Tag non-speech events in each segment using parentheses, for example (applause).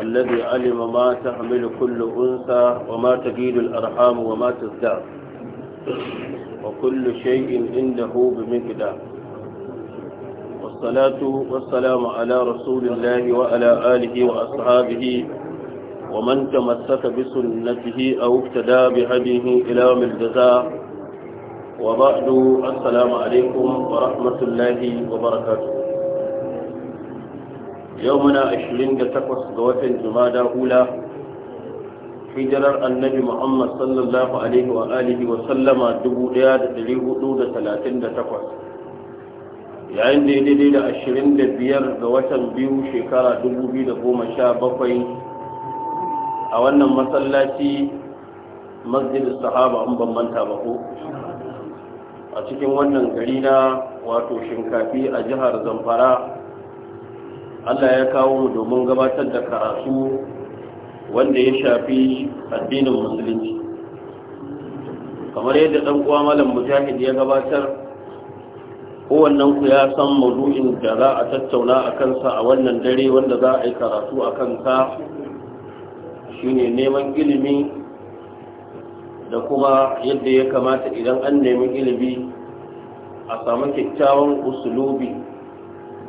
الذي علم ما تحمل كل أنثى وما تجيد الأرحام وما تزداد وكل شيء عنده بمقدار والصلاة والسلام على رسول الله وعلى آله وأصحابه ومن تمسك بسنته أو اقتدى بهديه إلى من الجزاء وبعد السلام عليكم ورحمة الله وبركاته yau muna 28 ga watan jumada hula hijirar annabi muhammad sallallahu alaihi wa alihi wa sallama 1438 yayin da ya daidai da 25 ga watan biyu shekara 2017 a wannan masallaci masjid sahaba an bambanta ba ko a cikin wannan gari na wato shinkafi a jihar zamfara Allah ya kawo mu domin gabatar da karatu wanda ya shafi addinin musulunci kamar yadda ɗan uwa malam mujahid ya gabatar kowannen ku ya san maudu'in da za a tattauna a kansa a wannan dare wanda za a yi karatu a kansa shine neman ilimi da kuma yadda ya kamata idan an nemi ilimi a samu kyakkyawan usulubi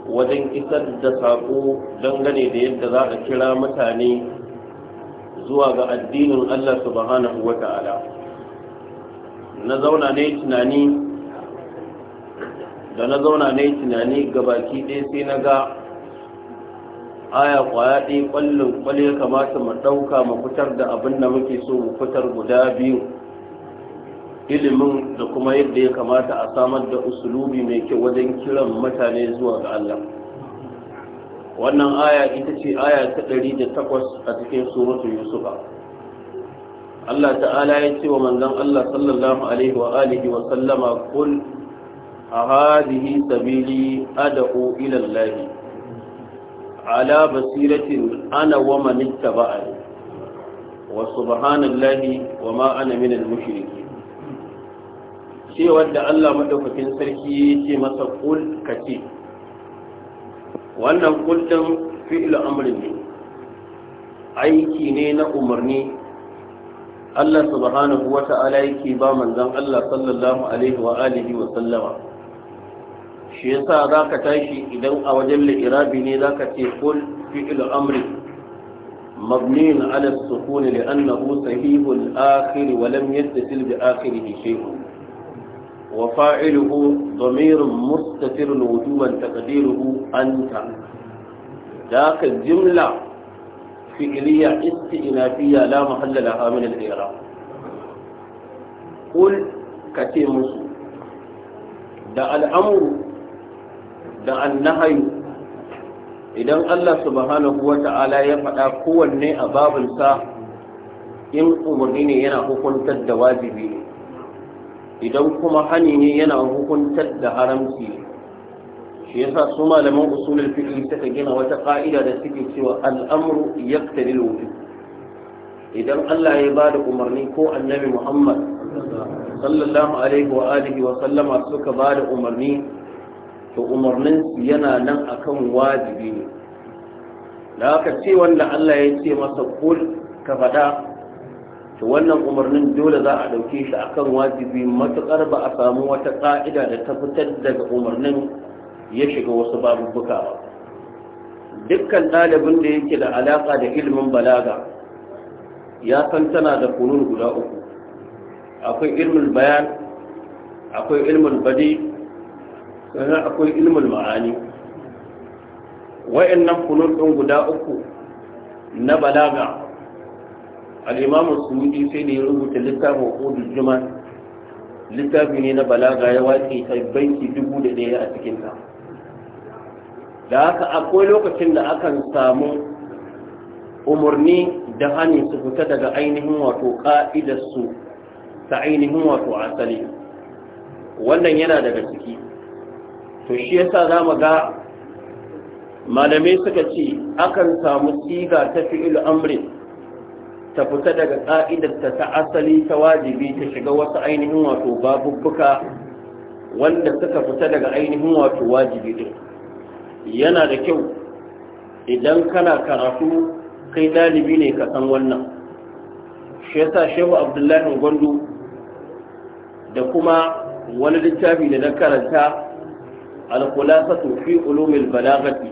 wajen isar da saƙo dangane da yadda za a kira mutane zuwa ga addinin Allah subhanahu wa ta'ala na zauna ne tunani da na zauna ne tunani gabaki ɗaya sai na ga aya kwaya ɗaya ƙwallon ƙwalle kamata mu ɗauka mu fitar da abin da muke so mu fitar guda biyu ilimin da kuma yadda ya kamata a samar da usulubi mai kyau wajen kiran mutane zuwa ga Allah wannan aya ita ce aya ta ɗari da takwas a cikin suratul yusufa Allah ta'ala ya ce wa manzon Allah sallallahu alaihi wa alihi wa sallama kul a hadihi sabili ad'u ila Allah ala basiratin ana wa man wa subhanallahi wa ma ana minal mushriki cewar da Allah maɗaukakin sarki ce masa kul kace wannan kullum fi'il amrin ne aiki ne na umarni Allah subhanahu wa ta'ala yake ba manzon Allah sallallahu alaihi wa alihi wa sallama shi yasa ka tashi idan a wajen lirabi ne za ka ce kul fi'il amri مبني على السكون لأنه صحيح الآخر ولم يتصل بآخره شيء وفاعله ضمير مستتر وجوبا تقديره أنت ذاك الجملة فعلية استئنافية لا محل لها من الإعراب قل كتيمس دع الأمر دع النهي idan Allah subhanahu wa ta'ala ya faɗa kowanne a babinsa in umarni ne yana hukuntar da wajibi ne idan kuma hani ne yana hukuntar da haramci shi yasa su malaman usulul fiqh suka gina wata ka'ida da suke cewa al'amru yaqtadi al-wujub idan Allah ya bada umarni ko annabi Muhammad sallallahu alaihi wa alihi wa sallama suka bada umarni to umarnin yana nan akan wajibi ne da aka ce wanda Allah ya ce masa kul ka faɗa to wannan umarnin dole za a ɗauke shi a kan wajibi matuƙar ba a samu wata ƙa'ida da ta fitar daga umarnin ya shiga wasu babubuka ba dukkan ɗalibin da yake da alaƙa da ilimin balaga ya san tana da kunun guda uku akwai ilimin bayan akwai ilmin badi sannan akwai ilimin ma'ani wa'annan kunun ɗin guda uku na balaga al'imamu suwudi sai da ya rubuta littafin hudun juma littafi ne na balaga ya watsi ta banki dubu da ɗaya a cikinta da haka akwai lokacin da akan samu umarni da hannu su fita daga ainihin wato ƙa'idarsu ta ainihin wato asali wannan yana daga ciki to shi yasa za mu ga malamai suka ce akan samu siga ta fi amrin ta fita daga ƙa'idarta ta asali ta wajibi ta shiga wasu ainihin wato babubbuka wanda suka fita daga ainihin wato wajibi din yana da kyau idan kana karatu kai ɗalibi ne ka san wannan shi yasa shehu abdullahi gwandu da kuma wani littafi da na karanta alkulasatu fi ulumil balagati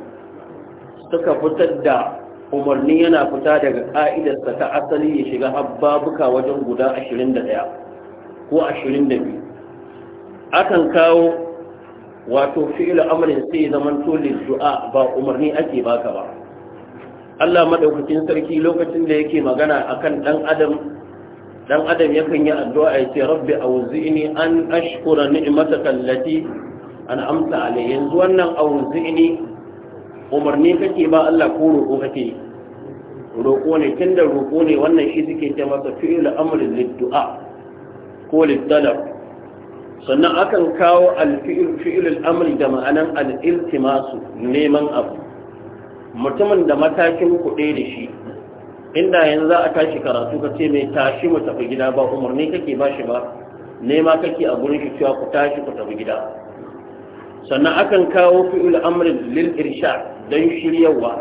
suka fitar da umarni yana fita daga ƙa'idarsa ta asali ya shiga hababuka wajen guda 21 ko 22 akan kawo wato fi'il amrin sai zaman tolin du'a ba umarni ake baka ba Allah madaukakin sarki lokacin da yake magana akan dan adam dan adam yakan yi addu'a ya ce rabbi auzi'ni an ashkura ni'mataka allati an'amta alayya yanzu wannan auzi'ni umarni kake ba Allah ko roƙo kake roƙo ne tunda roƙo ne wannan shi suke ce masa fi'il amr lid-du'a ko lid-talab sannan akan kawo al-fi'il fi'il al-amr da ma'anan al iltimas neman abu mutumin da matakin kuɗe da shi inda yanzu za a tashi karatu ka ce mai tashi mu tafi gida ba umarni kake ba shi ba nema kake a gurin shi cewa ku tashi ku tafi gida sannan akan kawo fi'il amrin lil don shiryawa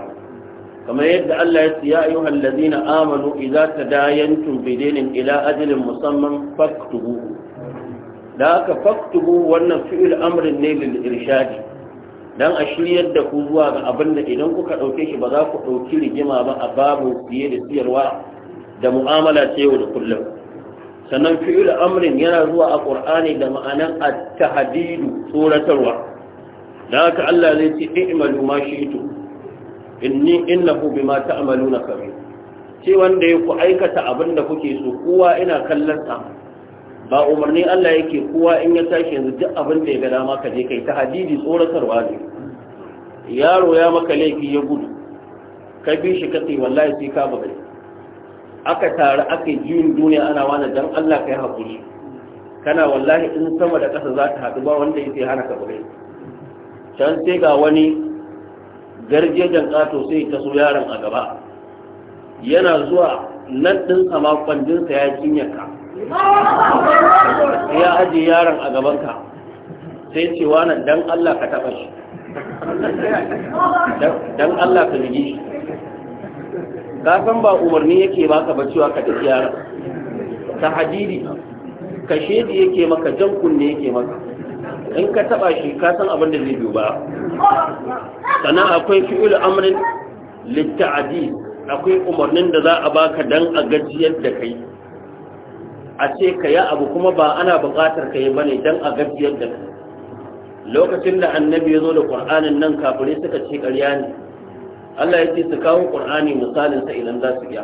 kamar yadda Allah ya siya ya na ladina amanu idza dayan bidinin ila ajalin musamman faktubu da aka faktubu wannan fi'il amrin ne lil irshadi don a shiryar da ku zuwa ga abin da idan kuka dauke shi ba za ku dauki rigima ba a babu fiye da siyarwa da mu'amala ta yau da kullum sannan fi'il amrin yana zuwa a qur'ani da ma'anan at-tahdidu tsoratarwa da haka Allah zai ce i'malu ma shi'tu inni innahu bima ta'maluna kare. ce wanda ya ku aikata abin da kuke so kowa ina kallon sa ba umarni Allah yake kowa in ya tashi yanzu duk abinda ya ga dama ka je kai ta hadidi tsoratarwa ne yaro ya maka laifi ya gudu ka bi shi katsi wallahi sai ka bugai aka tare aka jiyin duniya ana wani dan Allah kai hakuri kana wallahi in sama da ƙasa za ta haɗu ba wanda yake hana ka bugai can sai ga wani garjejen ƙato sai ta so yaron a gaba yana zuwa nan ɗin a makwandinsa ya kinyarka ya ajiye yaron a gabanka sai ce nan don Allah ka taɓa shi don Allah ka nigi shi ka san ba umarni yake baka ba cewa ka tafi yaron ta hadidi ka shedi yake maka jan kunne yake maka in ka taba shi ka san abin da zai biyo ba sannan akwai fi'il amrin litta'adi akwai umarnin da za a baka dan a gajiyar da kai a ce ka yi abu kuma ba ana buƙatar ka yi bane dan a gajiyar da kai lokacin da annabi ya zo da qur'anin nan kafirai suka ce ƙarya ne Allah ya ce su kawo ƙur'ani misalin sa idan za su iya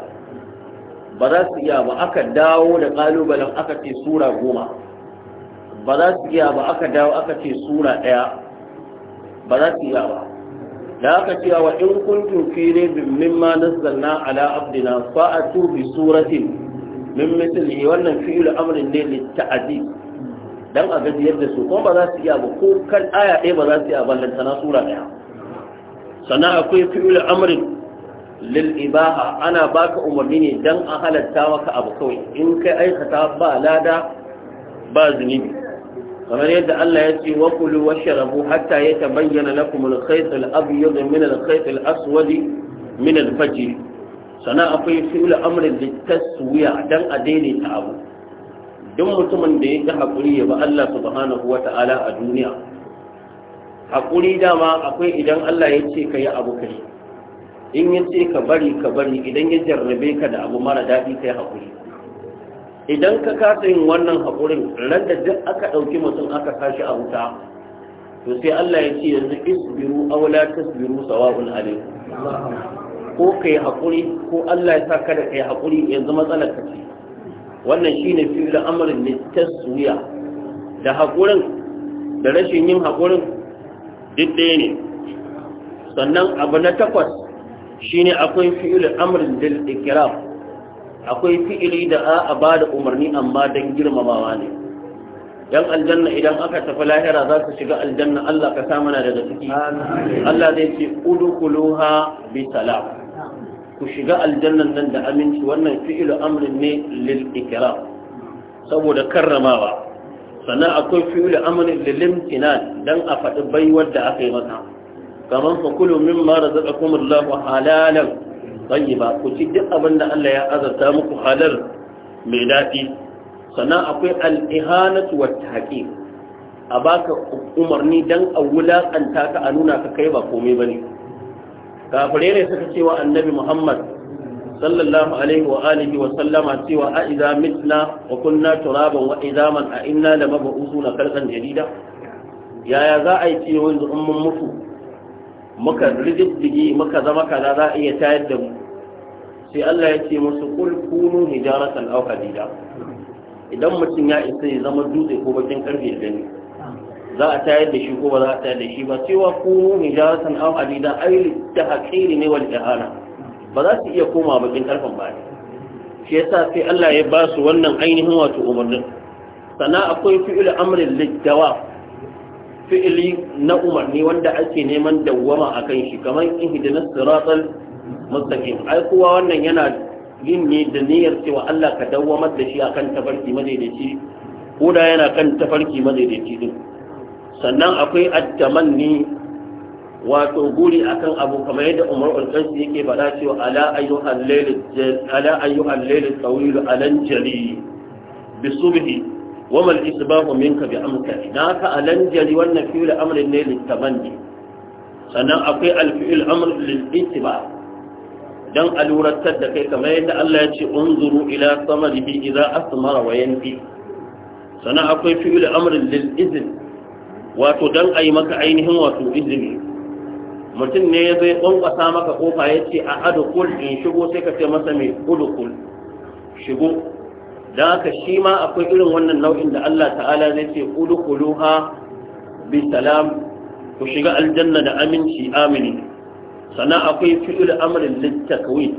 ba za su iya ba aka dawo da ƙalubalen aka ce sura goma ba za su iya ba aka dawo aka ce sura ɗaya ba za su iya ba da aka ce wa in kuntum fi raibin mimma nazzalna ala abdina fa'atu bi suratin min mithlihi wannan fi'il amrin ne li ta'dib dan a gajiyar da su kuma ba za su iya ba ko kan aya ɗaya ba za su iya ba lantana sura ɗaya sannan akwai fi'il amrin lil'ibaha ana baka umarni ne don a halatta maka abu kawai in kai aikata ba lada ba zunubi kamar yadda Allah ya ce wa kulu washrabu hatta yatabayyana lakum al-khayt al-abyad min al-khayt al-aswad min al-fajr sana akwai fi'il amrin litaswiya dan a ta abu duk mutumin da ya ga hakuri ya ba Allah subhanahu wata'ala a duniya hakuri dama akwai idan Allah ya ce ka yi abu kai in ya ce ka bari ka bari idan ya jarrabe ka da abu mara daɗi kai hakuri idan ka kasa yin wannan haƙurin ran da duk aka ɗauki mutum aka kashi a wuta to sai Allah ya ce yanzu isbiru awla tasbiru sawa'un alaykum ko kai haƙuri ko Allah ya sa ka da kai haƙuri yanzu matsalar ka ce wannan shine fi'il amrin ne taswiya da haƙurin da rashin yin haƙurin duk ɗaya ne sannan abu na takwas shine akwai fi'il amrin dil ikrar akwai fi'ili da a a ba da umarni amma don girmamawa ne yan aljanna idan aka tafi lahira za su shiga aljanna Allah ka sa mana daga ciki Allah zai ce udkhuluha bi salam ku shiga aljannan nan da aminci wannan fi'ilu amrin ne lil ikram saboda karramawa sannan akwai fi'ilu amrin lil imtinan dan a faɗi baiwar da aka yi maka kamar fa kulu mimma razaqakum Allahu halalan tayyiba ku ci duk abin da Allah ya azarta muku halar mai daɗi sannan akwai al-ihanatu wat tahqir a baka umarni dan a wulaƙanta ka a nuna ka kai ba komai bane kafirai ne suka cewa annabi Muhammad sallallahu alaihi wa alihi wa sallama cewa a idza mitna wa kunna turaban wa idaman a inna la mab'usuna khalqan jadida yaya za a yi cewa yanzu in mun mutu muka rijiddigi muka zama kaza za a iya tayar da mu sai Allah ya ce musu kul kunu hijaratan aw hadida idan mutum ya isa ya zama dutse ko bakin karfe da gani za a tayar da shi ko ba za a tayar da shi ba cewa kunu hijaratan aw hadida ai da haƙiri ne wal ihana ba za su iya koma bakin karfen ba shi yasa sai Allah ya ba su wannan ainihin wato umarnin sana akwai fi'il amrin lidawa fi'ili na umarni wanda ake neman dawwama a kan shi kamar ihdinas na mustaqim ai kowa wannan yana yin ne da niyyar cewa Allah ka dawwamar da shi akan tafarki madaidaici ko da yana kan tafarki madaidaici din sannan akwai at wato guri akan abu kamar yadda Umar al yake faɗa cewa ala ayyuhan layl ala alan jali wamal isbahu minka bi amsali na ka alanjali wannan fi'il amrin ne ne. sannan akwai alfi'il amr lil ittiba dan aluratar da kai kamar yadda Allah ya ce unzuru ila samarihi idza asmara wa yanfi sannan akwai fi'il amr lil izn wato dan ayi maka ainihin wato izini mutum ne ya zai kwankwasa maka kofa ya ce a adukul in shigo sai ka ce masa mai udukul shigo don haka shi ma akwai irin wannan nau'in da Allah ta'ala zai ce udkhuluha bi salam ku shiga aljanna da aminci amini sannan akwai fi'il amrin littakwin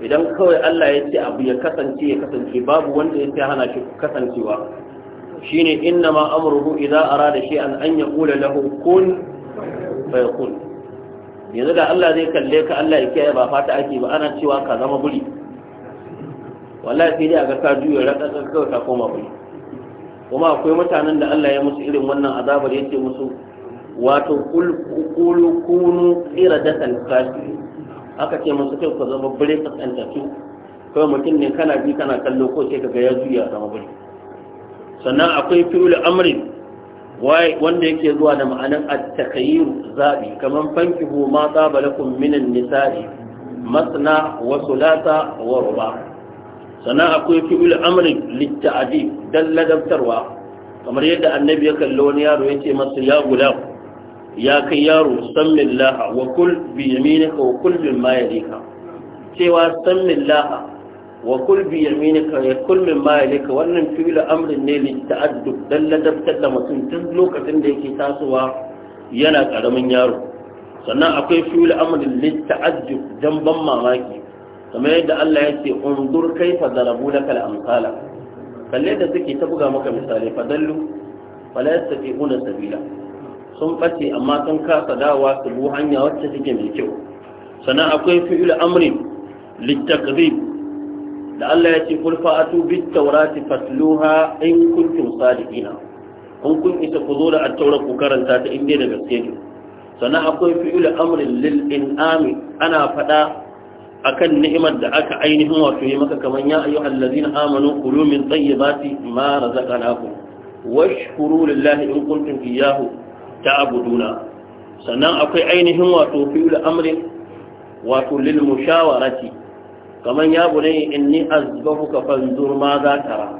idan kawai Allah ya ce abu ya kasance ya kasance babu wanda ya ce hana shi kasancewa shine inna ma amurhu idza arada shay'an an yaqula lahu kun fayakun yanzu da Allah zai kalle ka Allah ya kiyaye ba fata ake ba ana cewa ka zama buri wallahi sai dai a ga juyar juya ratsatsa kawai ta koma bai kuma akwai mutanen da Allah ya musu irin wannan azabar ya ce musu wato kulu kunu Tsira, iradatan kashi aka ce musu kai ku zama bare kasantatu kawai mutum ne kana bi kana kallo ko sai kaga ya juya zama bare sannan akwai fi'ul amri wanda yake zuwa da ma'anin at-takayyur zabi kaman fankihu ma tsaba lakum minan nisa'i masna wa sulata wa ruba' sannan akwai fi'il amrin litta'adi dan ladabtarwa kamar yadda annabi ya kalli wani yaro ya ce masa ya guda ya kai yaro sammin laha wa kul bi yaminika wa kul bin ma yalika cewa sammin laha wa kul bi yaminika ya kul min ma yalika wannan fi'il amrin ne litta'addu dan ladabtar da mutum tun lokacin da yake tasowa yana karamin yaro sannan akwai fi'il amrin litta'addu dan ban mamaki kamar yadda Allah ya ce undur kaifa darabu lakal amsala kalle da suke ta buga maka misali fadallu fala yastati'una sabila sun bace amma sun kasa dawa su bu hanya wacce take mai kyau sannan akwai fi'il amri litaqrib da Allah ya ce kul fa'atu bit tawrati fatluha in kuntum sadiqina kun kun isa ku zo da at-taura ku karanta ta inda da gaske ne sannan akwai fi'il amri lil in'ami ana fada akan ni'imar da aka ainihin wato yi maka kaman ya ayyuha allazina amanu kulu min tayyibati ma razaqnakum washkuru lillahi in kuntum iyyahu ta'buduna sannan akwai ainihin wato fi'il amrin wato lil mushawarati kaman ya bunayya inni azbahuka fanzur ma za tara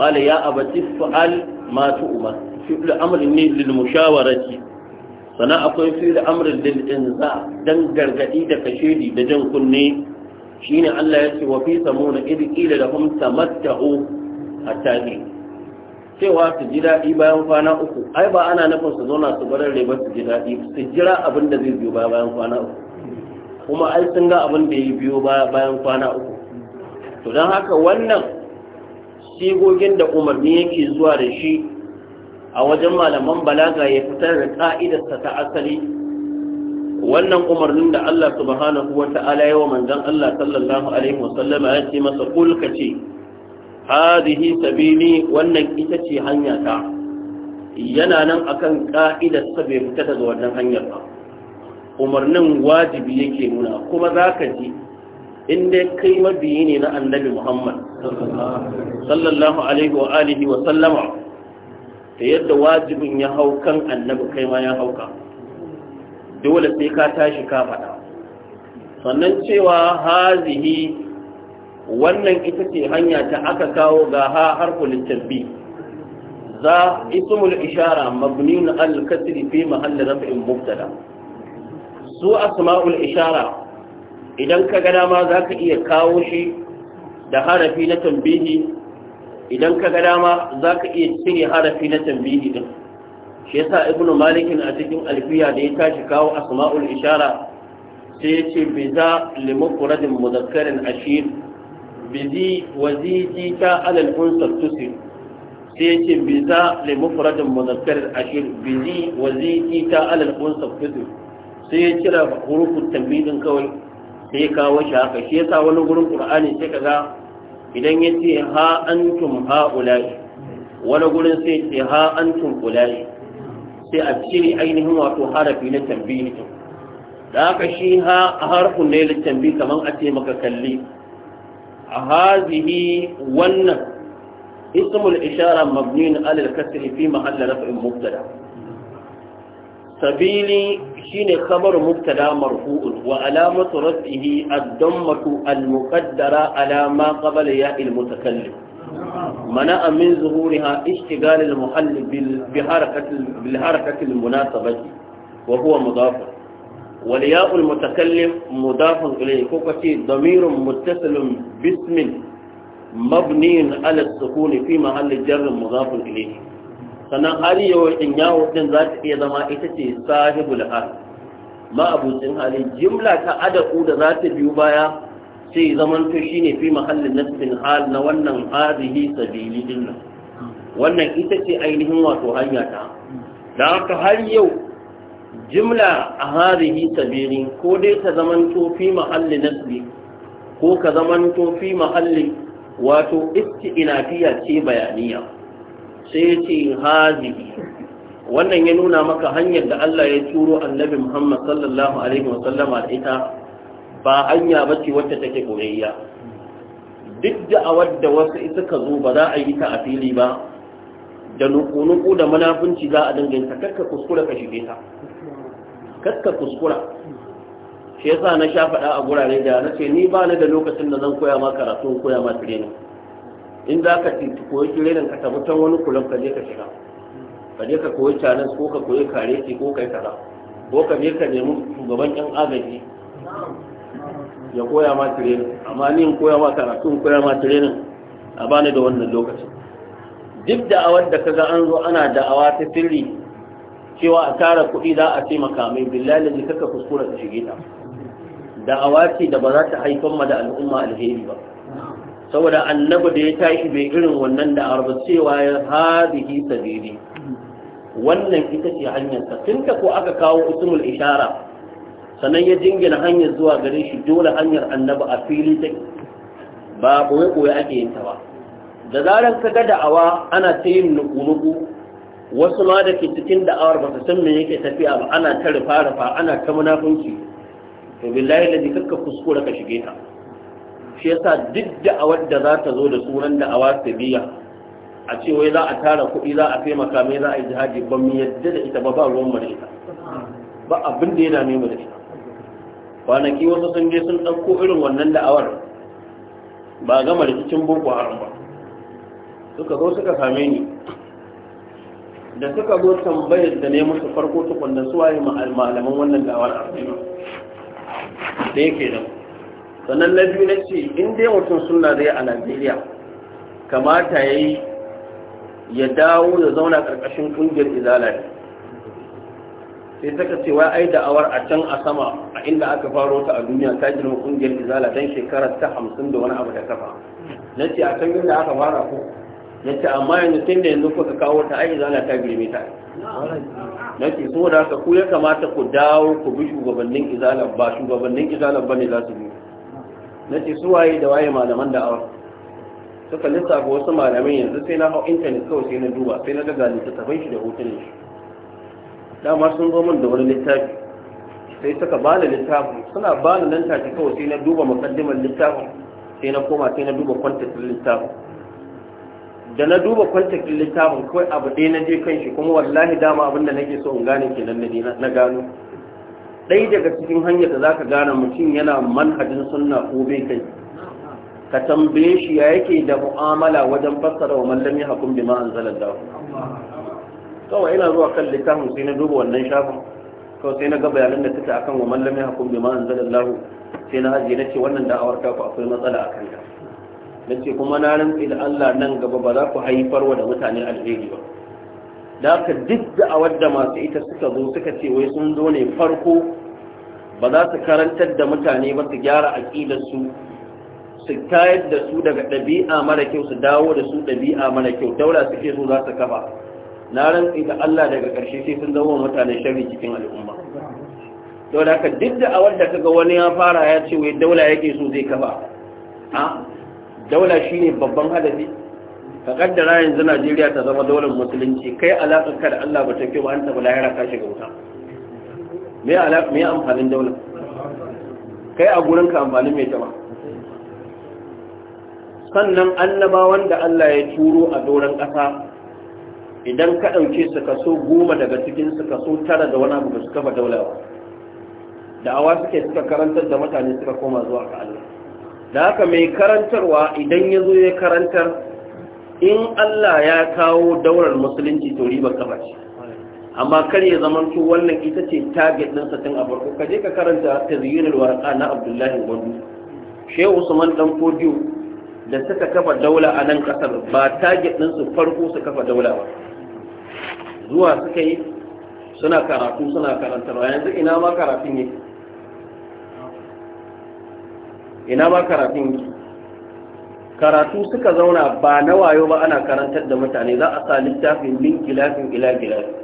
qala ya abati fa'al ma tu'mar fi'il amrin lil mushawarati sannan akwai fi da amrin din za dan gargadi da kashedi da jan kunne shine Allah ya ce wa fi samuna id qila lahum tamatta'u a ni cewa su ji daɗi bayan kwana uku ai ba ana nufin su zauna su bar riba su ji daɗi su jira abin da zai biyo bayan kwana uku kuma ai sun ga abin da ya biyo bayan kwana uku to don haka wannan sigogin da umarni yake zuwa da shi a wajen malaman balaga ya fitar da ka'idarsa ta asali wannan umarnin da Allah subhanahu wa ta'ala yawa manzon Allah sallallahu alaihi wasallam ya ce masa kul kace Hadihi sabili wannan ita ce hanya ta yana nan akan ka'idar sa bai fita daga wannan hanyar ba umarnin wajibi yake nuna kuma zaka ji in dai kai mabiyi ne na annabi Muhammad sallallahu alaihi wa alihi wa sallama da yadda wajibin ya hau kan annabi kai ma ya hauka dole sai ka tashi ka faɗa sannan cewa hazihi wannan ita ce hanya ta aka kawo ga ha harful tabbi za ismul ishara mabniun al kasri fi mahall raf'in mubtada su asma'ul ishara idan ka ga dama zaka iya kawo shi da harafi na tambihi idan ka ga dama za ka iya cire harafi na tambihi din shi yasa ibnu Malik a cikin alfiya da ya tashi kawo asma'ul ishara sai ya ce bi za limukuradin mudakkarin ashir bi zi wa zi ji ta alal unsar tusi sai ya ce bi za limukuradin mudakkarin ashir bi zi wa zi ji ta alal unsar tusi sai ya cira hurufin tambidin kawai sai ya kawo shi haka shi yasa wani gurin qur'ani sai kaga idan ya ce ha antum ha'ula'i wani gurin sai ce ha antum sai a cire ainihin wato harafi na tambihi da aka shi ha a harfin ne littambi kamar a ce maka kalli a hazihi wannan ismul ishara mabnin alal kasiri fi mahallar raf'in mubtada سبيلي شين خبر مبتدا مرفوع وعلامة رده الضمة المقدرة على ما قبل ياء المتكلم منع من ظهورها اشتغال المحل بحركة بالحركة المناسبة وهو مضاف ولياء المتكلم مضاف إليه كوكتي ضمير متصل باسم مبني على السكون في محل جر مضاف إليه sannan ariyawar ɗin yawo ɗin za ta iya zama ita ce sahibul har ma'abucin hali jimla ta adabu da za ta biyu baya sai zaman to shi ne fi mahallin nasbin hal na wannan harihi sabili ɗin nan wannan ita ce ainihin wato hanya ta da haka har yau jimla a harihi sabili ko dai ta zaman to fi mahallin nasbi ko ka zaman to fi mahallin wato inafiya ce bayaniya sai ya ce hazihi wannan ya nuna maka hanyar da Allah ya turo annabi Muhammad sallallahu alaihi wa sallama da ita ba hanya ce wacce take koyayya duk da a wadda wasu suka zo ba za a yi ta a fili ba da nuku-nuku da munafunci za a danganta kakka kuskura ka shige ta kakka kuskura shi yasa na sha faɗa a gurare da na ce ni ba ni da lokacin da zan koya ma karatu koya ma training in za ka koyi kirenin ka tafi can wani kulan ka je ka shiga ka je ka koyi canan ko ka koyi kareti ko ka yi kaza ko ka je ka nemi shugaban yan agaji ya koya ma tirenin amma ni in koya ma karatu in koya ma tirenin a bani da wannan lokacin duk da awar da kaga an zo ana da'awa ta sirri cewa a tara kuɗi za a taimaka mai billahi da kaka kuskura ta shige ta da'awa ce da ba za ta haifar ma da al'umma alheri ba saboda annabi da ya tashi bai irin wannan da arba cewa ya hadihi sabili wannan ita ce hanyarsa, tun da ko aka kawo usmul ishara sannan ya jingina hanyar zuwa gare shi dole hanyar annabi a fili ta ba koyi koyi ake yin ta ba da zaran ka ga da'awa ana ta yin nuku-nuku wasu ma da ke cikin da'awar ba su san me yake tafiya ba ana ta rufa-rufa ana ta munafunci to billahi da kuskura ka shige ta shi yasa duk da'awar da za ta zo da sunan da'awa biya a ce wai za a tara kuɗi za a taimaka mai za a yi jihadi ba mu yadda da ita ba ba ruwan mu ita ba abin da ya dame mu da ita kwanaki wasu sun je sun ɗauko irin wannan da'awar ba gama rikicin boko haram ba suka zo suka same ni da suka zo tambayar da ne musu farko tukun da suwaye malaman wannan da'awar a da yake sannan na biyu na ce in dai mutum suna zai a najeriya kamata ya yi ya dawo da zauna ƙarƙashin ƙungiyar izala ne sai saka cewa ai da'awar a can a sama a inda aka faro ta a duniya ta girma ƙungiyar izala don shekarar ta hamsin da wani abu da kafa na ce a can inda aka fara ko na ce amma yanzu tun da yanzu kuka kawo ta ai izala ta girme ta na ce so da haka ku ya kamata ku dawo ku bi shugabannin izala ba shugabannin izala ba ne za su bi na ce su waye da waye malaman awa, suka lissafa wasu malamai yanzu sai na hau intanet kawai sai na duba sai na daga ta shi da hotunan shi dama sun zo min da wani littafi sai suka ba da littafin suna ba da nan tafi kawai sai na duba mukaddimar littafin sai na koma sai na duba kwantakin littafin da na duba kwantakin littafin kawai abu ɗaya na je kan shi kuma wallahi dama abin da nake so in gane kenan na gano ɗaya daga cikin hanyar da za ka gane mutum yana manhajin suna ko bai kai ka tambaye shi ya yake da mu'amala wajen fassara wa mallami hakun bi ma'an zalar da kawai ina zuwa kan littafin sai na duba wannan shafin kawai sai na ga bayanan da suka akan wa mallami hakun bi ma'an zalar da sai na haji na ce wannan da'awar ta ku akwai matsala a kanta na ce kuma na rantsi da Allah nan gaba ba za ku haifar wa da mutane alheri ba da haka duk da'awar da masu ita suka zo suka ce wai sun zo ne farko ba za su karantar da mutane ba su gyara aƙidarsu su tayar da su daga ɗabi'a mara kyau su dawo da su ɗabi'a mara kyau daura suke so za su kafa na rantsi da Allah daga ƙarshe sai sun zama mutane sharri cikin al'umma to da haka duk da awar da kaga wani ya fara ya ce wai daula yake so zai kafa a daula shine babban hadafi ka kaddara yanzu Najeriya ta zama daular musulunci kai ka da Allah ba ta kyau ba an taɓa lahira ka shiga wuta me me amfanin daula kai a gurinka ka amfanin mai jama sannan annabawan da Allah ya turo a doron ƙasa idan ka ɗauke su kaso goma daga cikin su kaso tara da wani abu ba su kafa daular ba awa suke suka karantar da mutane suka koma zuwa ga Allah da haka mai karantarwa idan ya zo ya karantar in Allah ya kawo daular musulunci to riba kafa ce amma kar ya zama to wannan ita ce target ɗinsa tun a farko ka je ka karanta tazyinul warqa na Abdullahi Gwandu Shehu Usman dan Kodiyo da suka kafa daula a nan kasar ba target ɗinsu farko su kafa daula ba zuwa suka yi suna karatu suna karantarwa yanzu ina ma karatun yi? ina ma karatun yake karatu suka zauna ba na wayo ba ana karantar da mutane za a sa littafin min gilafin ila gilafin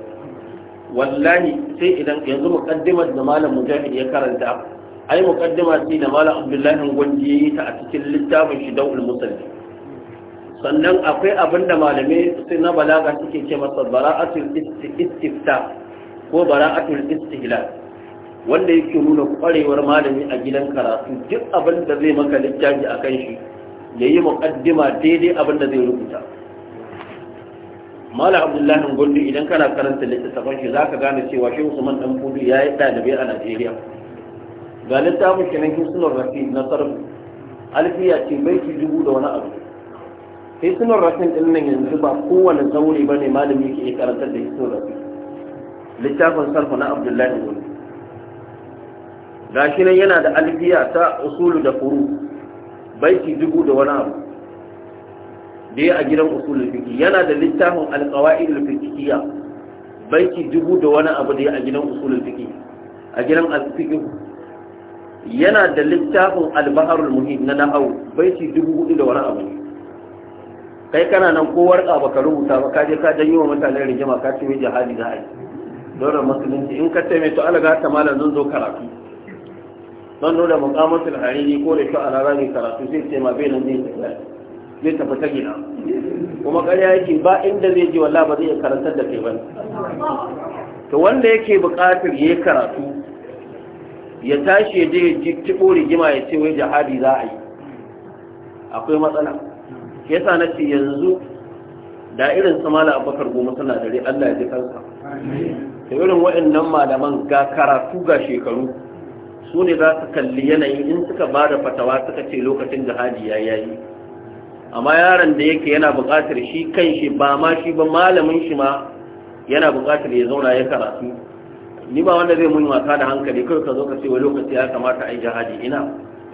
wallahi sai idan yanzu muqaddimar da malam mujahid ya karanta ai muqaddima ce da malam abdullahi gwanji ya yi ta a cikin littafin shi daul musalli sannan akwai abinda malamai sai na balaga suke ce masa bara'atul istifta ko bara'atul istihlal wanda yake nuna kwarewar malami a gidan karatu duk abin da zai maka littafi akan shi yayi muqaddima daidai abin da zai rubuta mala abdullahi gondo idan kana karanta littattafan shi za ka gane cewa shi usman dan fudu ya yi ɗalibai a najeriya ga littafin shi na hisunar rafi na sarfi alfiya ce baiti dubu da wani abu hisunar rafin din nan yanzu ba kowane zaure ba ne malami ke karantar da hisunar rafi littafin sarfa na abdullahi gondo ga shi nan yana da alfiya ta usulu da furu baiti dubu da wani abu da ya a gidan usulul fiqh yana da littafin alqawaidul fiqhiyya baiti dubu da wani abu da ya a gidan usulul fiqh a gidan al yana da littafin al-baharul na nahawu baiti dubu hudu da wani abu kai kana nan ko warka baka rubuta ba ka je ka janyo wa mutanen rigima ka ce mai jihadi za a yi dole musulunci in ka taimai to alaga ta malam zan zo karatu zan nuna muqamatul hariri ko da shi a rarrabe karatu sai ce ma bai nan zai tafiya zai tafi ta gina kuma ƙarya yake ba inda zai ji wallah ba zai karantar da kai ba to wanda yake buƙatar ya karatu ya tashi ya je ya ji tibo rigima ya ce wai jihadi za a yi akwai matsala yasa na ce yanzu da irin su mala abakar goma suna dare Allah ya ji kansa da irin waɗannan malaman ga karatu ga shekaru su ne za su kalli yanayi in suka ba da fatawa suka ce lokacin jihadi ya yayi amma yaron da yake yana buƙatar shi kan shi ba ma shi ba malamin shi ma yana buƙatar ya zauna ya karatu ni ba wanda zai mun wasa da hankali kai ka zo ka ce wa lokaci ya kamata a yi jihadi ina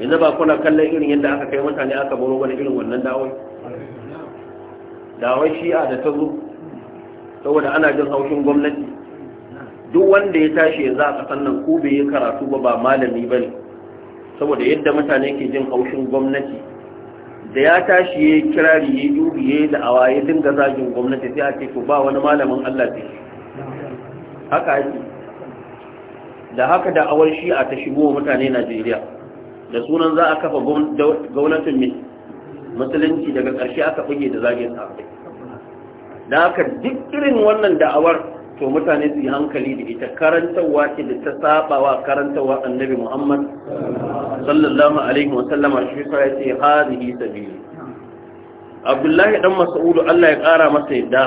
yanzu ba kuna kallon irin yadda aka kai mutane aka baro wani irin wannan dawai dawai a da ta zo saboda ana jin haushin gwamnati duk wanda ya tashi ya za a kasan nan ko bai yi karatu ba ba malami ba ne saboda yadda mutane ke jin haushin gwamnati da ya tashi ya yi kirari ya yi dubi ya yi da'awa ya dinga zagin gwamnati sai a ce to ba wani malamin Allah ce haka ake da haka da'awar shi'a ta shigo mutane Najeriya da sunan za a kafa gwamnatin mai musulunci daga ƙarshe aka buge da zagin sa da haka duk irin wannan da'awar to mutane su yi hankali da ita karantarwa ce da ta saba wa karantarwa annabi Muhammad sallallahu alaihi wa sallama shi sa ce hadhihi sabili Abdullahi dan masa'udu Allah ya kara masa yadda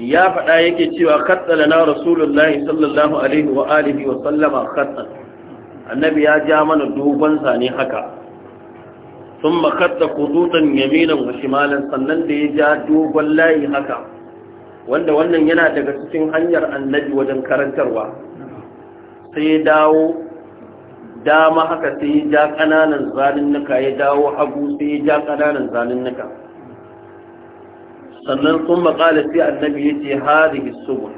ya faɗa yake cewa katsala na rasulullahi sallallahu alaihi wa alihi wa sallama katsal annabi ya ja mana dogon sane haka sun makatsa kudutan yaminan wa shimalin sannan da ya ja dogon layi haka wanda wannan yana daga cikin hanyar annabi wajen karantarwa sai ya dawo dama haka sai ya ja ƙananan zalinnuka ya dawo hagu sai ya ja ƙananan zalinnuka sannan sun maƙala sai annabi ya ce harihi subul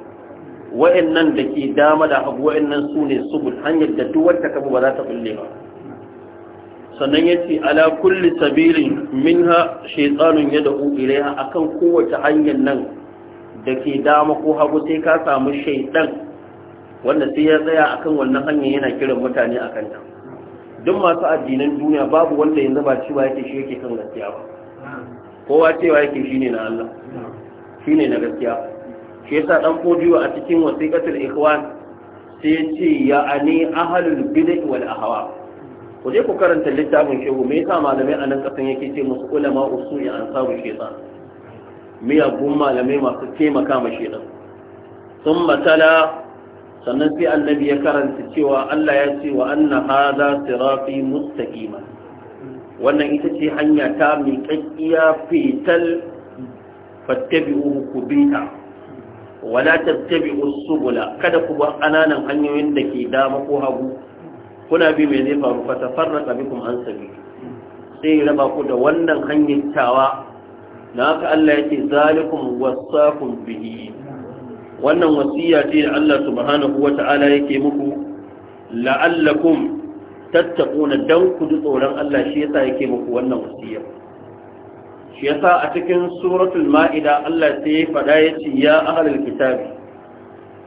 wa'annan da ke dama da hagu wa'annan su ne subul hanyar da duk wata kafa ba za ta kulle ba sannan ya ce ala kulli sabirin minha shaitanun ya da'u ilaiha akan kowace hanyar nan da ke dama ko hagu sai ka samu shaidan wanda sai ya tsaya akan wannan hanyar yana kiran mutane a kanta duk masu addinan duniya babu wanda yanzu ba cewa yake shi yake kan gaskiya ba kowa cewa yake ne na Allah shi ne na gaskiya shi yasa dan kojiwa a cikin wasiqatul ikhwan sai ya ce ya ani ahlul bid'ah wal ahwa ku je ku karanta littafin shehu me yasa malamai a nan kasan yake ce musu ulama usul ya ansabu shaytan miyagun malamai masu taimaka ma shedan sun matala sannan sai annabi ya karanta cewa Allah ya ce wa anna hadha sirati mustaqima wannan ita ce hanya ta miƙaƙƙiya fital fattabi'uhu kubita wala tattabi'u subula kada ku bar ƙananan hanyoyin da ke dama ko hagu kuna bi mai zai faru fata farraka bikum an sabi sai raba ku da wannan hanyar tawa na haka Allah yake zalikum wasakum bihi wannan wasiya ce da Allah subhanahu ya yake muku la'allakum tattaquna dan ku ji tsoron Allah shi yasa yake muku wannan wasiya shi yasa a cikin suratul ma'ida Allah sai ya fada yace ya ahlul kitabi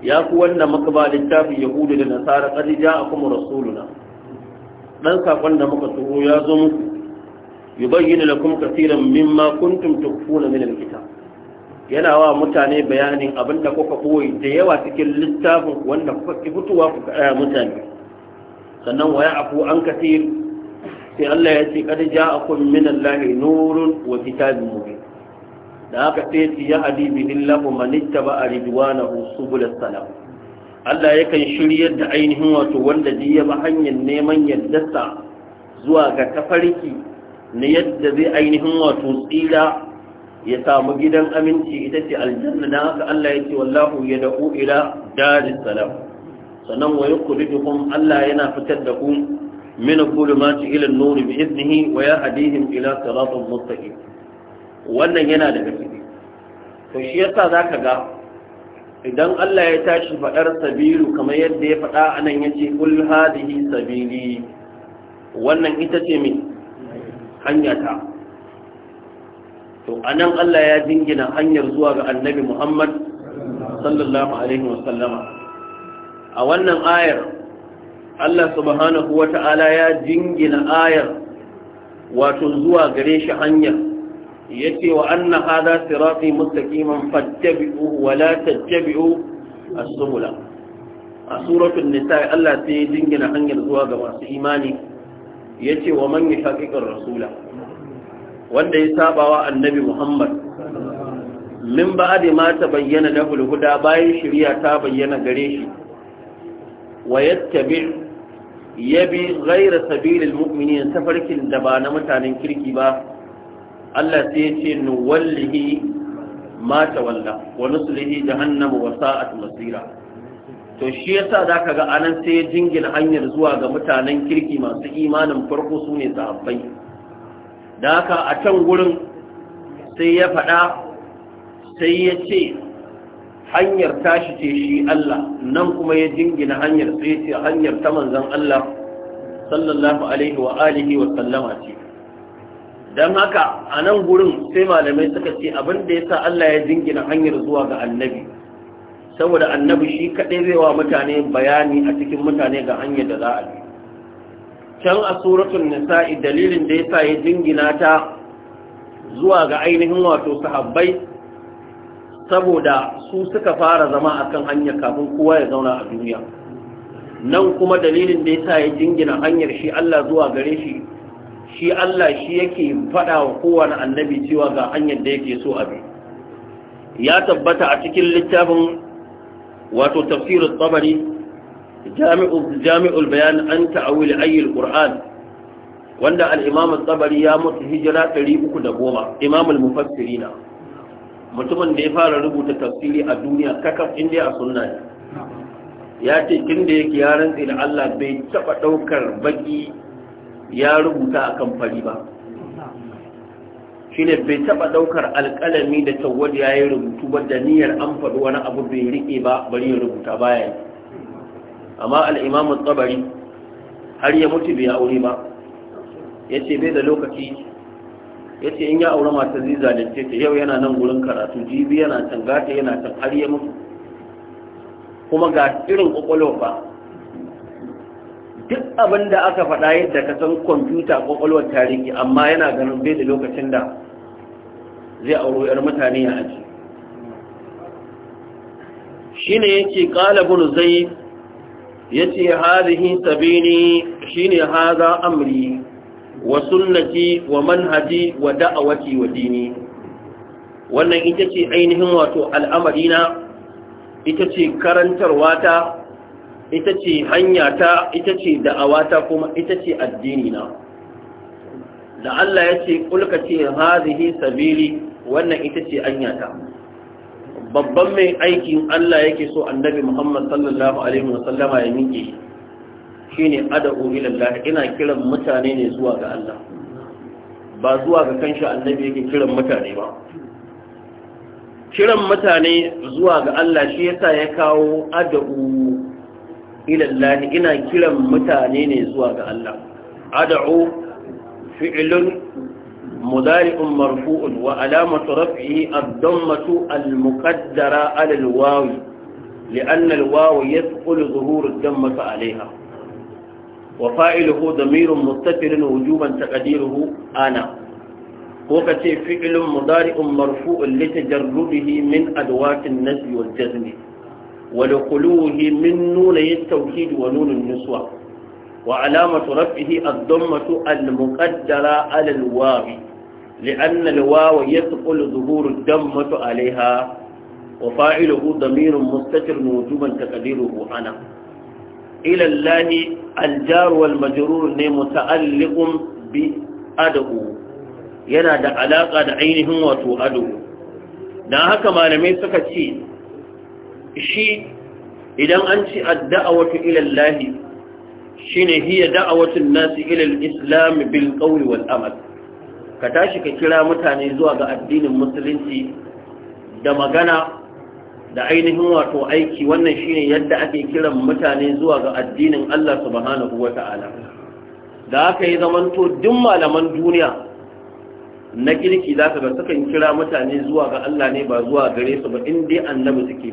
ya ku wanda muka ba littafin yahudu da nasara a kuma rasuluna ɗan sakon da muka tuho ya zo muku yubayyinu lakum kaseeran mimma kuntum tukhfuna min al yana wa mutane bayanin abinda kuka koyi da yawa cikin littafin wanda kuka ki fitowa ku kaya eh, mutane sannan waya afu an kaseer sai Allah ya ce kad ja'akum min Allahi nurun wa kitabun mubin da haka sai ya hadi billahi man ittaba ridwanahu subul salam Allah yakan shiryar da ainihin wato wanda ji ba hanyar neman yardarsa zuwa ga tafarki na yadda zai ainihin wato tsira ya samu gidan aminci ita ce aljanna dan haka Allah ya ce wallahu yad'u ila daris salam sannan wa yukhrijukum Allah yana fitar da ku min al-zulumati ila an-nur bi idnihi wa yahdihim ila siratin mustaqim wannan yana daga ciki to shi yasa zaka ga idan Allah ya tashi fadar sabiru kamar yadda ya fada anan yace kul hadhihi sabili wannan ita ce mai. hanya to anan Allah ya jingina hanyar zuwa ga annabi Muhammad sallallahu alaihi wasallama a wannan ayar Allah subhanahu wata'ala ya jingina ayar wato zuwa gare shi hanya yace wa anna hadha sirati mustaqiman fattabi'u wa la tattabi'u as-subula a suratul nisa Allah sai ya jingina hanyar zuwa ga masu imani Ya ce wa manyan yashaqiqir rasula wanda ya sabawa annabi Muhammad min ba'di ma bayyana lahu huda bayan shiriya ta bayyana gare shi wa yattabi yabi ghayra mumini a tafarkin da ba na mutanen kirki ba Allah sai ya ce nuwallihi ma tawalla wa nuslihi jahannam wa sa'at masira to shi yasa za ka ga anan sai ya jingina hanyar zuwa ga mutanen kirki masu imanin farko su ne sahabbai da haka a can gurin sai ya faɗa sai ya ce hanyar tashi ce shi Allah nan kuma ya jingina hanyar sai ce hanyar ta manzon Allah sallallahu alaihi wa alihi wa sallama ce don haka a nan gurin sai malamai suka ce abin da ya sa Allah ya jingina hanyar zuwa ga annabi saboda annabi shi kaɗai zai wa mutane bayani a cikin mutane ga hanyar da za a bi can a suratun nisa'i dalilin da ya sa ya jingina ta zuwa ga ainihin wato sahabbai saboda su suka fara zama a kan hanyar kafin kowa ya zauna a duniya nan kuma dalilin da ya sa ya jingina hanyar shi Allah zuwa gare shi shi Allah shi yake faɗa wa kowane annabi cewa ga hanyar da yake so a bi ya tabbata a cikin littafin wato tafsirin tsabari jami'ul bayan an ta'awil ayyul ƙur'an wanda al'imamun tsabari ya mutu hijira 310 imamul mufassirina mutumin da ya fara rubuta tafsiri a duniya kakaf inda a sunna ne ya ce tun da yake ya rantse da Allah bai taɓa ɗaukar baki ya rubuta a fari ba shine bai taba daukar alkalami da tawwad ya yi rubutu ba da niyyar an faɗi wani abu bai rike ba bari ya rubuta baya amma al-imamu tsabari har ya mutu bai aure ba yace bai da lokaci ya ce in ya aure mata zai zalunce ta yau yana nan gurin karatu jibi yana can gata yana can har ya mutu kuma ga irin kwakwalwa ba duk abin da aka faɗa yadda ka san kwamfuta ƙwaƙwalwar ta rike amma yana ganin bai da lokacin da zai auro yar mutane ya aji shine yake qala ibn zayd yace hadhihi sabini shine hadha amri wa sunnati wa manhaji wa da'awati wa dini wannan ita ce ainihin wato al'amarina ita ce karantarwata ita ce hanyata ita ce da'awata kuma ita ce addinina da Allah ya ce kulka ce hazihi sabili wannan ita ce anya ta babban mai aikin Allah yake so annabi Muhammad sallallahu alaihi wasallama ya miƙe shine ad'u ila Allah ina kiran mutane ne zuwa ga Allah ba zuwa ga kanshi annabi yake kiran mutane ba kiran mutane zuwa ga Allah shi yasa ya kawo ad'u ila ina kiran mutane ne zuwa ga Allah ad'u fi'lun مضارع مرفوع وعلامة رفعه الضمة المقدرة على الواو لأن الواو يثقل ظهور الضمة عليها وفاعله ضمير مستتر وجوبا تقديره أنا وكتي فعل مضارع مرفوع لتجرده من أدوات النسب والجزم ولخلوه من نون التوكيد ونون النسوة وعلامة رفعه الضمة المقدرة على الواو لأن الواو يثقل ظهور الدمة عليها وفاعله ضمير مستتر وجوبا تقديره أنا إلى الله الجار والمجرور متألق بأدعو ينا دا علاقة دا عينهم وتؤدو نا هكا ما لمن سكتشي شيء إذا أنت الدعوة إلى الله شين هي دعوة الناس إلى الإسلام بالقول والأمل ka tashi ka kira mutane zuwa ga addinin musulunci da magana da ainihin wato aiki wannan shine yadda ake kiran mutane zuwa ga addinin Allah subhanahu ta'ala da aka yi zamanto duk malaman duniya na kirki za ka ga sukan kira mutane zuwa ga Allah ne ba zuwa gare su ba in dai annabi suke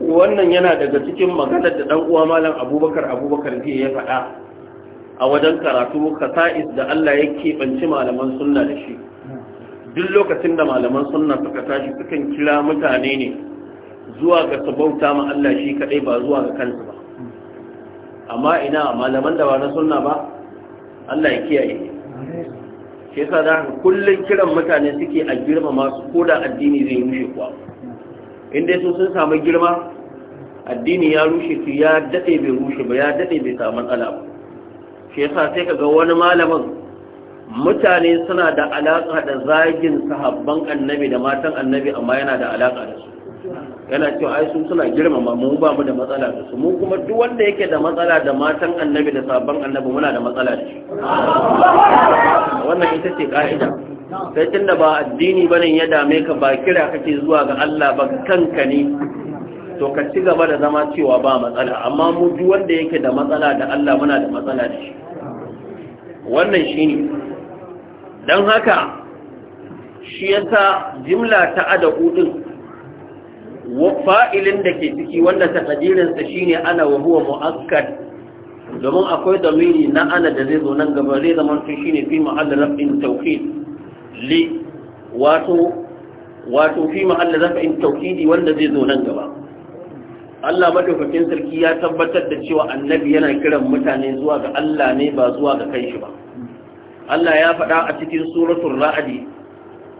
wannan yana daga cikin maganar da ɗan uwa malam Abubakar Abubakar ya faɗa a wajen karatu kasa'is da Allah ya keɓanci malaman sunna da shi duk lokacin da malaman sunna suka tashi sukan kira mutane ne zuwa ga sabauta ma Allah shi kaɗai ba zuwa ga kansu ba amma ina malaman da ba na sunna ba Allah ya kiyaye shi yasa da kullun kiran mutane suke a girma masu koda addini zai rushe kuwa inda su sun samu girma addini ya rushe su ya daɗe bai rushe ba ya daɗe bai samu matsala ba Ke yasa sai kaga wani malamin mutane suna da alaka da zagin sahabban annabi da matan annabi amma yana da alaka da su yana cewa ai su suna girmama mu ba mu da matsala da su mu kuma duk wanda yake da matsala da matan annabi da sahabban annabi muna da matsala da shi wannan ita ce ka'ida sai tunda ba addini bane ya dame ka ba kira kake zuwa ga Allah ba kanka ne to ka ci gaba da zama cewa ba matsala amma mu duk wanda yake da matsala da Allah muna da matsala da shi wannan shine dan haka shi yasa jimla ta adabu din fa'ilin da ke ciki wanda ta tajirin sa shine ana wa huwa muakkad domin akwai damiri na ana da zai zo nan gaba zai zama shi shine fi ma'al rabbin tawhid li wato wato fi ma'al rabbin tawhidi wanda zai zo nan gaba Allah madaukakin sarki ya tabbatar da cewa annabi yana kiran mutane zuwa ga Allah ne ba zuwa ga kanshi ba Allah ya faɗa a cikin suratul ra'adi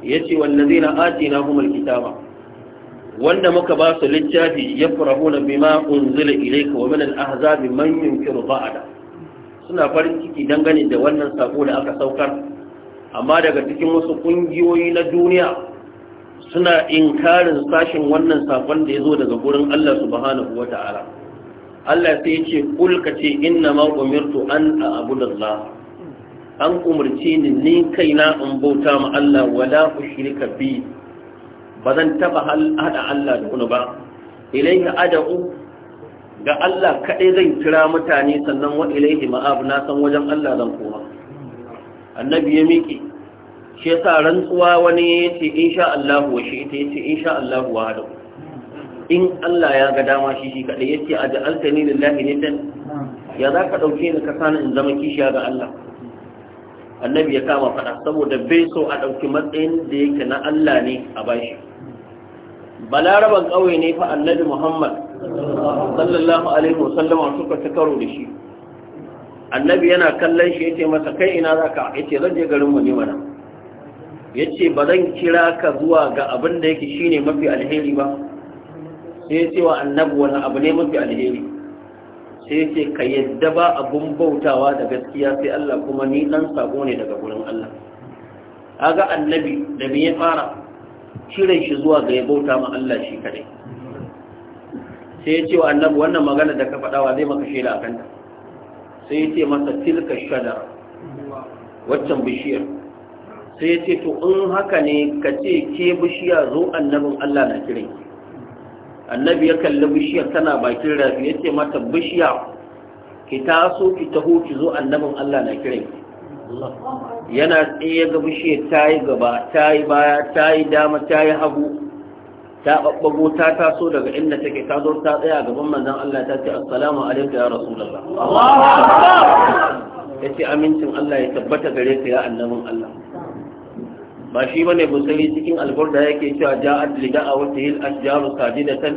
yace wallazina atinahumul kitaba wanda muka ba su littafi yafrahuna bima unzila ilayka wa min al-ahzabi man yunkiru ba'da suna farin ciki dangane da wannan sako da aka saukar amma daga cikin wasu kungiyoyi na duniya suna inkarin sashin wannan sakon da ya zo daga gurin Allah subhanahu wa ta'ala Allah sai ce kulka ce inna ma umirtu an a abu da an umarci ni ni kaina in bauta ma Allah wala ku ushrika bi ba zan taba hada Allah da wani ba ilaihi ad'u ga Allah kadai zan kira mutane sannan wa ilaihi ma'ab na san wajen Allah zan koma annabi ya miƙe shi sa rantsuwa wani ce in sha Allah wa shi ita ce in sha Allah wa hadu in Allah ya ga dama shi shi kadai yace aj'altani lillahi nidan ya za ka dauke ni ka sani in zama kishiya ga Allah annabi ya kama faɗa, saboda bai so a ɗauki matsayin da yake na Allah ne a bashi balaraban ƙauye ne fa annabi Muhammad sallallahu alaihi wa wasallam suka ta karo da shi annabi yana kallon shi ce masa kai ina za ka zaka yace zan je garin mu ne mana ya ce ba zan kira ka zuwa ga abin da yake shine mafi alheri ba sai ya ce wa annabi wani abu ne mafi alheri sai ya ce ka yadda ba abin bautawa da gaskiya sai Allah kuma ni dan sako ne daga gurin Allah kaga annabi da me ya fara kiran shi zuwa ga ya bauta ma Allah shi kadai sai ya ce wa annabi wannan magana da ka faɗa wa zai maka shela akan ta sai ya ce masa tilka shadara waccan bishiyar sai ya ce to in haka ne ka ce ke bishiya zo annabin Allah na kiran annabi ya kalli bishiyar tana bakin rafi ya ce mata bishiya ki taso ki taho ki zo annabin Allah na kiran yana tsaye ga bishiyar ta yi gaba ta yi baya ta yi dama ta yi hagu ta ɓaɓɓago ta taso daga inda take ta zo ta tsaya gaban manzon Allah ta ce assalamu alaikum ya rasulullah ya ce amincin Allah ya tabbata gare ta ya annabin Allah ba shi bane busari cikin alburda yake cewa ja'at li da'awati al ashjaru sajidatan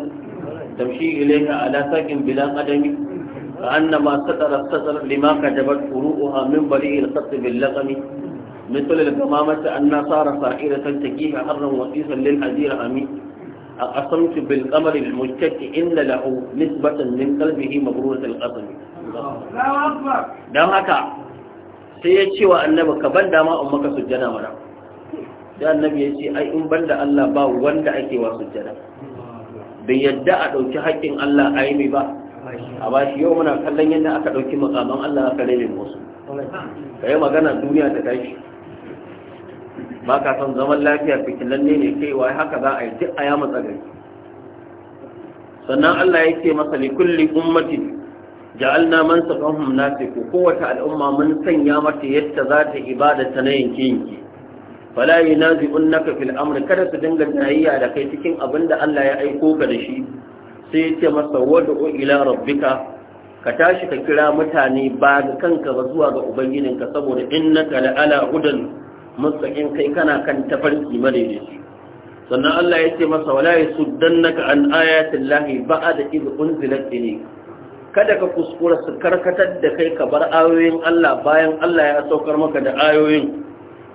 tamshi ilayha ala sakin bila qadami fa anna ma satara satara lima kajabat furu'uha min bari al qat bil laqami مثل القمامة أن صار صائرة تكيه حرا وقيسا Inna أمين أقسمت بالقمر المشتت إن له نسبة من قلبه مبرورة القسم دام هكا سيتشي وأنبك بل دام أمك سجنا mana. sai annabi ya ce ai in banda Allah ba wanda ake wa sujjada bai yadda a dauki haƙƙin Allah a yi ba a ba shi yau muna kallon yadda aka ɗauki makaman Allah aka rere musu ka yi magana duniya ta tashi ba ka san zaman lafiya fitilanne ne kai wai haka za a yi duk a ya matsa gari sannan Allah ya ce masa li kulli ummatin ja'alna man sakahum nasiku kowace al'umma mun sanya mata yadda za ta ibada ta na yanke yanke fala yunazi'unnaka fil amri kada su dinga jayayya da kai cikin abin da Allah ya aiko ka da shi sai ya ce masa wad'u ila rabbika ka tashi ka kira mutane ba ga kanka ba zuwa ga ubanginka saboda innaka la'ala hudan mustaqim kai kana kan tafarki madaidaici sannan Allah ya ce masa wala yasuddannaka an ayatin lahi ba'da id unzilat ilayk kada ka kuskura su karkatar da kai ka bar ayoyin Allah bayan Allah ya saukar maka da ayoyin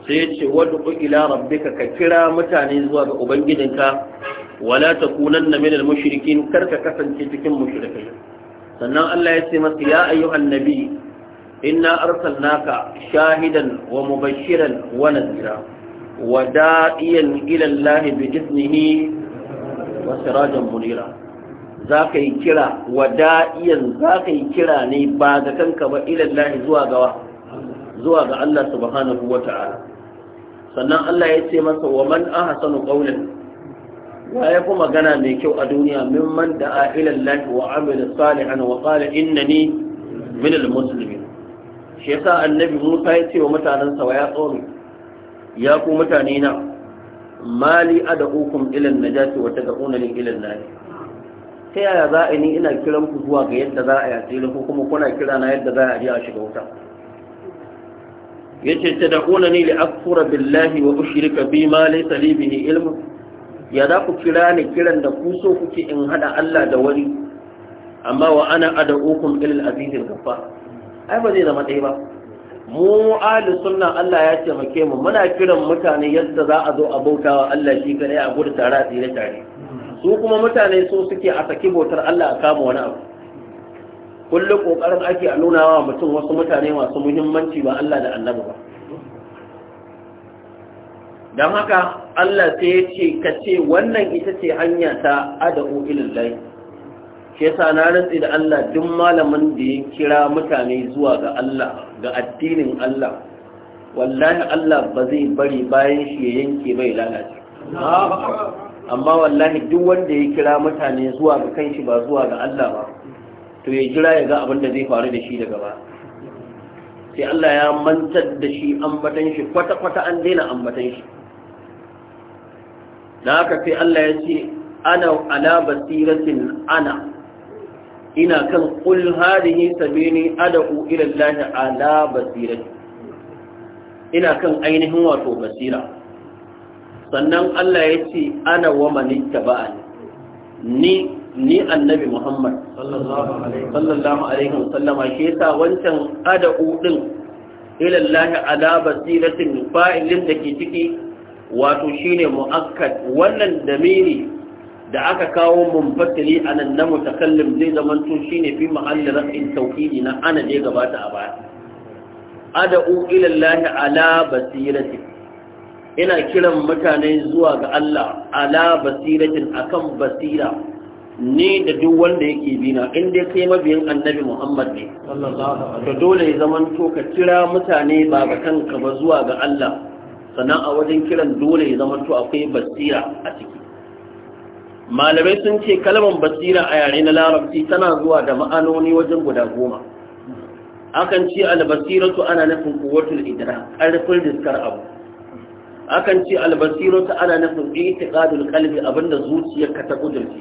sai ya ce wadda ku ila rabbika ka kira mutane zuwa ga ubangidinka wala takunanna min al-mushrikin kar ka kasance cikin mushrikai sannan Allah ya ce masa ya ayyuhan nabi inna arsalnaka shahidan wa mubashiran wa nadhira wa da'iyan ila Allah bi iznihi wa sirajan munira za ka yi kira da'iyan za ka yi kira ne ba ga kanka ba ilallahi zuwa zuwa ga Allah subhanahu wa ta'ala sannan Allah ya ce masa wa man ahsanu qawlan wa ya fi magana mai kyau a duniya mimman da a ilallahi wa amila salihan wa qala innani min almuslimin shi yasa annabi Musa ya ce wa mutanansa wa ya tsoro ya ku mutane na mali ad'ukum ila an-najati wa tad'unani ila an ta yaya za a ni ina kiran ku zuwa ga yadda za a yi ko kuma kuna kira na yadda za a yi a shiga wuta yace tad'unani li akfura billahi wa ushrika bima laysa li bihi ilm ya za ku kira ni kiran da ku so kuke in hada Allah da wani amma wa ana ad'ukum ila al-aziz al-ghaffar ai ba zai zama dai ba mu ahli sunna Allah ya ce mu muna kiran mutane yadda za a zo a bautawa Allah shi kadai a gudu tare a tsire tare su kuma mutane so suke a saki bautar Allah a kama wani abu kullum kokarin ake a nuna wa mutum wasu mutane masu muhimmanci ba Allah da annabi ba don haka Allah sai ya ce ka ce wannan ita ce hanya ta ad'u ilallahi shi sa na rantsi da Allah duk malamin da ya kira mutane zuwa ga Allah ga addinin Allah wallahi Allah ba zai bari bayan shi ya yanke mai lalace amma wallahi duk wanda ya kira mutane zuwa ga kanshi ba zuwa ga Allah ba to ya jira ya ga abin da zai faru da shi daga ba sai Allah ya mantar da shi ambatan shi kwata-kwata an daina ambatan shi da haka sai Allah ya ce ana ala basiratin ana ina kan kul hadihi sabili ad'u ila Allah ala basirati ina kan ainihin wato basira sannan Allah ya ce ana wa man ittaba'ani ni ni annabi Muhammad sallallahu alaihi wasallam ke sa wancan ada'u din ila Allah ala basiratin fa'ilin da ke ciki wato shine muakkad wannan damiri da aka kawo munfatili anan na mutakallim zai zaman to shine fi mahalli raf'in tauhidi na ana da gabata a baya ada'u ila Allah ala basiratin ina kiran mutane zuwa ga Allah ala basiratin akan basira ni da duk wanda yake bina in dai kai mabiyin annabi Muhammad ne to dole ya zaman to ka kira mutane ba ga kanka ba zuwa ga Allah sannan a wajen kiran dole ya zaman to akwai basira a ciki malamai sun ce kalmar basira a yare na larabci tana zuwa da ma'anoni wajen guda goma akan ce albasiratu ana nufin quwwatul idrak ƙarfin diskar abu akan ce albasiru ta ana nufin itiqadul qalbi abinda zuciyarka ta kudurci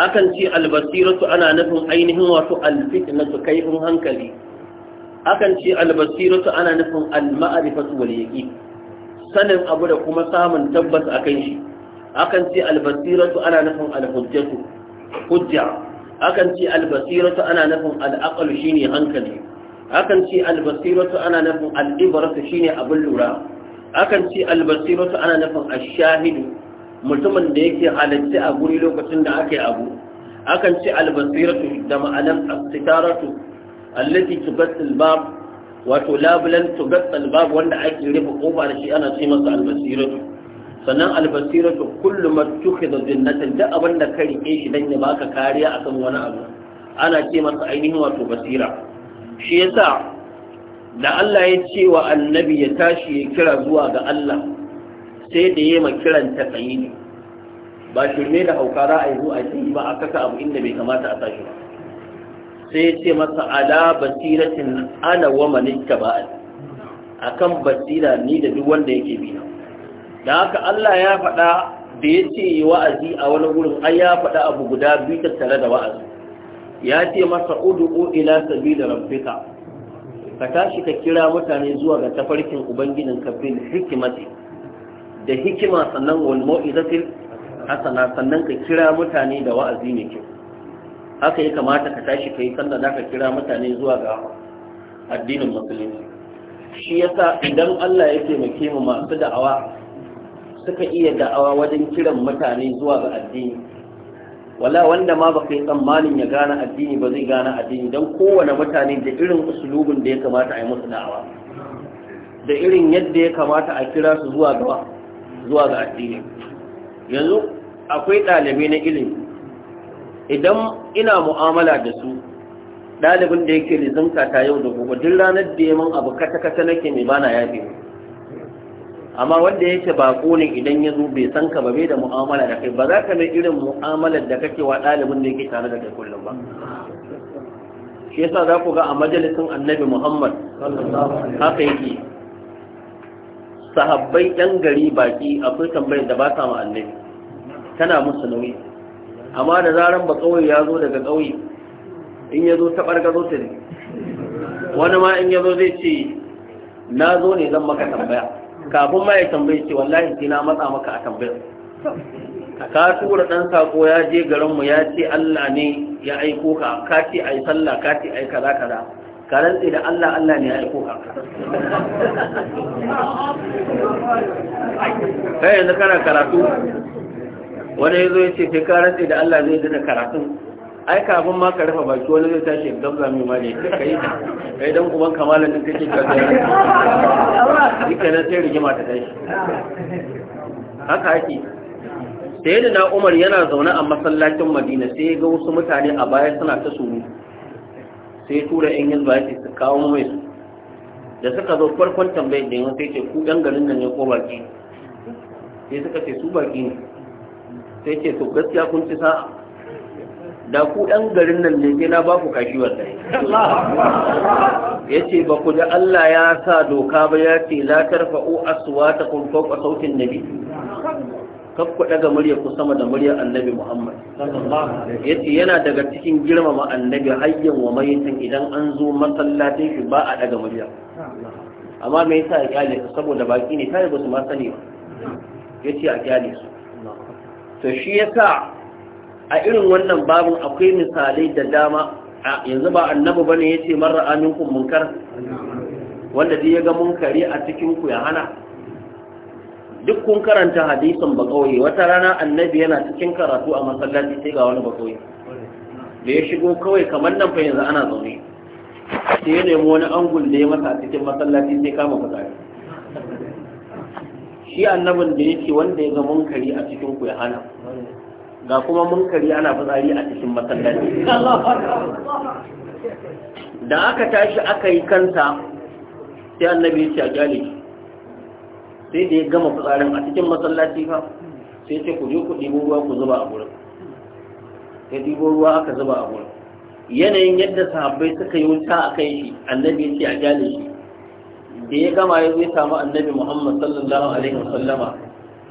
akan ce albasiru ta ana nufin ainihin wato alfitnatu kaifin hankali akan ce albasiru ta ana nufin alma'rifatu wal yaqin sanin abu da kuma samun tabbas akan shi akan ce albasiratu ana nufin alhujjatu hujja akan ce albasiratu ana nufin al'aqlu shine hankali akan ce albasiratu ana nafin al'ibaratu shine abin lura akan ce albasiratu ana nufin ashahidu mutumin da yake halarci a guri lokacin da aka yi abu akan ce albasiratu da ma'anar astitaratu allati tugatsil bab wato labulan tugatsil bab wanda ake rufe kofa da shi ana ce masa albasiratu sannan albasiratu kullum ma da zinnatin da abin da ka rike shi dan ya baka kariya akan wani abu ana ce masa ainihin wato basira shi yasa da Allah ya ce wa annabi ya tashi ya kira zuwa ga Allah sai da yi ma kiran ta tsayi ba shirme da hauka yi zuwa ce ba a ka abu inda bai kamata a tashi ba sai ya ce masa ala basiratin ana wa manika ba akan basira ni da duk wanda yake bi na. da haka Allah ya faɗa da ya ce yi wa'azi a wani gurin ai ya faɗa abu guda biyu tattare da wa'azi ya ce masa udu'u ila sabila rabbika ka tashi ka kira mutane zuwa ga tafarkin ubangijin kafin hikimati da hikima sannan wal mau'izatil hasana sannan ka kira mutane da wa'azi mai kyau haka ya kamata ka tashi ka sannan sanda ka kira mutane zuwa ga addinin musulunci shi yasa idan Allah ya taimake mu masu da'awa suka iya da'awa wajen kiran mutane zuwa ga addini wala wanda ma baka yi tsammanin ya gane addini ba zai gane addini don kowane mutane da irin usulubin da ya kamata a yi musu da'awa da irin yadda ya kamata a kira su zuwa ga zuwa ga addini yanzu akwai ɗalibi na ilimi idan ina mu'amala da su ɗalibin da yake rizanta ta yau da gobe duk ranar da min abu kata-kata nake mai bana yafe amma wanda yake bako ne idan ya zo bai san ka ba bai da mu'amala da kai ba za ka mai irin mu'amalar da kake wa ɗalibin da yake tare da kai kullum ba shi yasa za ku ga a majalisin annabi muhammad haka yake sahabbai ɗan gari baki akwai tambayar da ba ta ma annabi tana musu nauyi amma da zaran ba ƙauye ya zo daga ƙauye in ya zo ta ɓargazo ta ne wani ma in ya zo zai ce na zo ne zan maka tambaya kafin ma ya tambaye ce wallahi sai na matsa maka a tambayar (laughs) ka tura dan sako ya je garin mu ya ce Allah ne ya aiko ka ka ce ai sallah ka ce ai kaza kaza ka rantsi da Allah Allah ne ya aiko ka kai yanzu kana karatu wani yazo ya ce sai ka rantsi da Allah zai dana karatun ai kafin ma ka rufe baki wani zai tashi da zabza mai mali ka yi ta kai dan uban kamalan din kake ka zai dika na sai rigima ta tashi haka yake sai da umar yana zaune a masallacin madina sai ga wasu mutane a baya suna ta suru sai tura yan yanzu ya su kawo mai su da suka zo farkon tambayar da yawan sai ce ku yan garin nan ne ko baki sai suka ce su baki ne sai ce to gaskiya kun ci sa'a da ku ɗan garin nan ne sai na ba ku kashi wallahi ya ce ba ku da Allah ya sa doka ba ya ce la ta aswatakum fawqa sautin nabi kaf ku ɗaga murya ku sama da murya annabi Muhammad ya ce yana daga cikin girmama annabi hayyan wa mayitan idan an zo masallacin shi ba a ɗaga murya amma me yasa ya kyale su saboda baki ne kai ba su ma sani ba ya ce a kyale su to shi ya sa. a irin wannan babin akwai misalai da dama yanzu ba annabi bane yace marar aminkum munkar wanda zai ga munkari a cikin ku ya hana duk kun karanta hadisin kawai wata rana annabi yana cikin karatu a masallaci sai ga wani bakawai da ya shigo kawai kamar nan fa yanzu ana zaune sai ya nemi wani angul da ya masa cikin masallaci sai kama fitsari shi annabin da yake wanda ya ga munkari a cikin ku ya hana ga kuma munkari ana fitsari a cikin masallaci da aka tashi aka yi kanta sai annabi ya ce a sai da ya gama fitsarin a cikin masallaci fa sai ce ku je ku ɗibo ruwa ku zuba a gurin ya ɗibo ruwa aka zuba a gurin yanayin yadda sahabbai suka yi wuta a kai shi annabi ya ce a shi da ya gama ya zai samu annabi muhammad sallallahu alaihi wasallama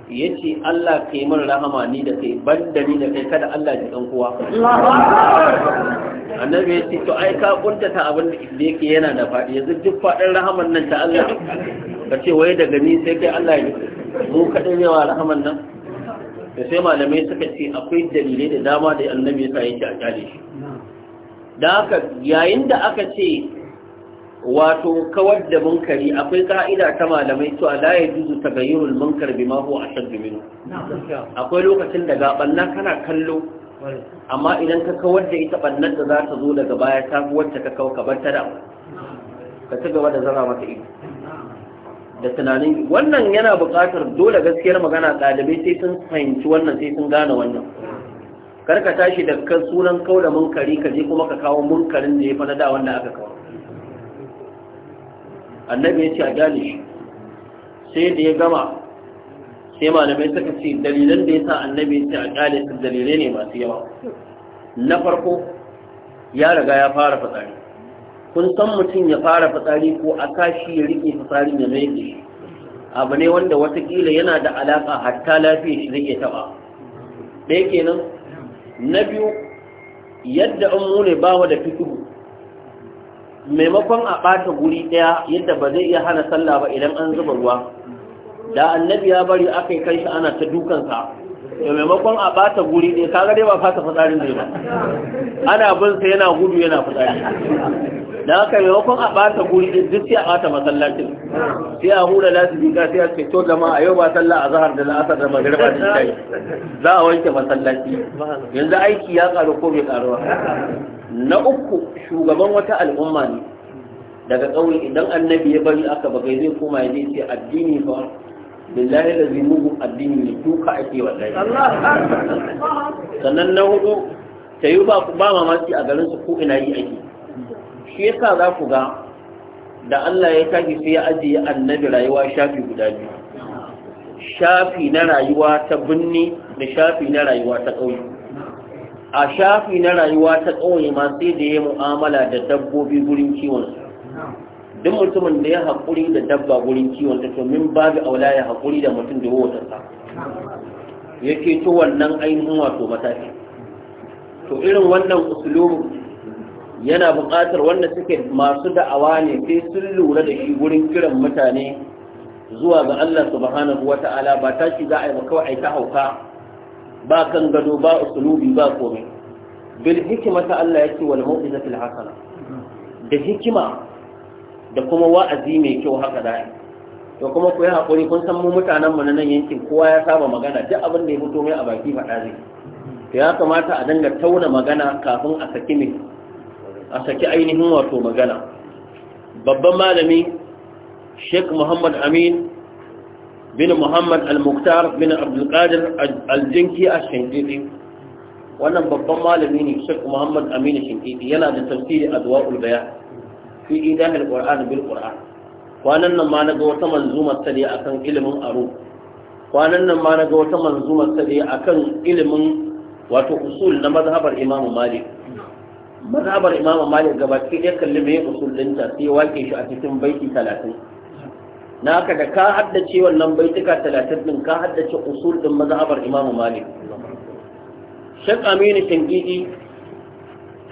ya Allah ka yi rahama ni da kai ban da ni da kai kada Allah ji kowa annabi ya ce to ai ka kuntata abin da yake yana da faɗi yanzu duk faɗin rahaman nan ta Allah ka ce waye daga ni sai kai Allah ya mu kaɗai yawa rahaman nan da sai malamai suka ce akwai dalilai da dama da annabi ya sa yake a kyale shi da haka yayin da aka ce wato kawar da munkari akwai ka'ida ta malamai to la yajuzu tagayyurul munkar bima huwa ashad minhu akwai lokacin da gabanna kana kallo amma idan ka kawar da ita bannan da za ta zo daga baya ta wacce ka kawo kabar ta da ka ci gaba da zama maka ido da tunanin wannan yana buƙatar dole gaskiyar magana ɗalibai sai sun fahimci wannan sai sun gane wannan karka tashi da kan sunan da munkari ka je kuma ka kawo munkarin da ya fa na da wanda aka kawo annabi ya ce a gane shi sai da ya gama sai malamai suka ce dalilan da ya sa annabi ya ce a gane su dalilai ne masu yawa na farko ya riga ya fara fitsari kun san mutum ya fara fitsari ko a kashi ya rike fitsarin ya mai shi abu ne wanda watakila yana da alaka hatta lafiya shi rike taba ɗaya kenan na biyu yadda an mune bawa da fikihu maimakon a ɓata guri ɗaya yadda ba zai iya hana sallah ba idan an zuba ruwa da annabi ya bari aka yi kai shi ana ta dukansa da maimakon a ɓata guri ɗaya kaga dai ba fata fitsarin zai ba ana bin sa yana gudu yana fitsari da haka maimakon a ɓata guri ɗaya duk sai a ɓata masallacin sai a hura ka sai a ceto jama'a yau ba sallah a zahar da la'asar da magariba da shayi za a wanke masallaci yanzu aiki ya karu ko bai karu ba na uku shugaban wata al'umma ne daga ƙauye idan annabi ya bari aka ba zai koma ya ce addini ba. lillahi da addini ne duka ake wallahi sannan na hudu ta yi ba ba mamaki a garin su ko ina yi ake shi sa za ku ga da Allah ya tafi sai ya ajiye annabi rayuwa shafi guda biyu shafi na rayuwa ta binni da shafi na rayuwa ta ƙauye a shafi na rayuwa ta ƙauye ma sai da ya mu'amala da dabbobi gurin kiwon duk mutumin da ya haƙuri da dabba gurin kiwon ta domin babu aula ya haƙuri da mutum da Ya ke to wannan ainihin wato mataki to irin wannan usulubu yana buƙatar wanda suke masu da'awa ne sai sun lura da shi gurin kiran mutane zuwa ga Allah subhanahu wata'ala ba ta shiga za a yi ba kawai a yi ta hauka ba kan gado ba usulubi ba komai bil hikmata Allah yake wal mu'izatil hasana da hikima da kuma wa'azi mai kyau haka da to kuma ku yi hakuri kun san mu mutanen mu na nan yankin kowa ya saba magana duk abin da ya fito mai a baki faɗa zai to ya kamata a danga tauna magana kafin a saki mai a saki ainihin wato magana babban malami Sheikh Muhammad Amin bin muhammad al-muktar bin abdulkadir aljinki a shinkiti wannan babban malami ne shek muhammad aminu shinkiti yana da tafsiri a zuwa ulbaya fi idan al-qur'an bil qur'an kwanan nan ma na ga wata manzumar ta a kan ilimin aro kwanan nan ma na ga wata manzumar ta a kan ilimin wato usul na mazhabar imamu malik mazhabar imamu malik gabaki ɗaya kalli mai usul ɗinta sai wake shi a cikin baiti talatin na da ka haddace wannan baituka talatin din ka haddace usul din mazhabar imamu malik shek aminu tangidi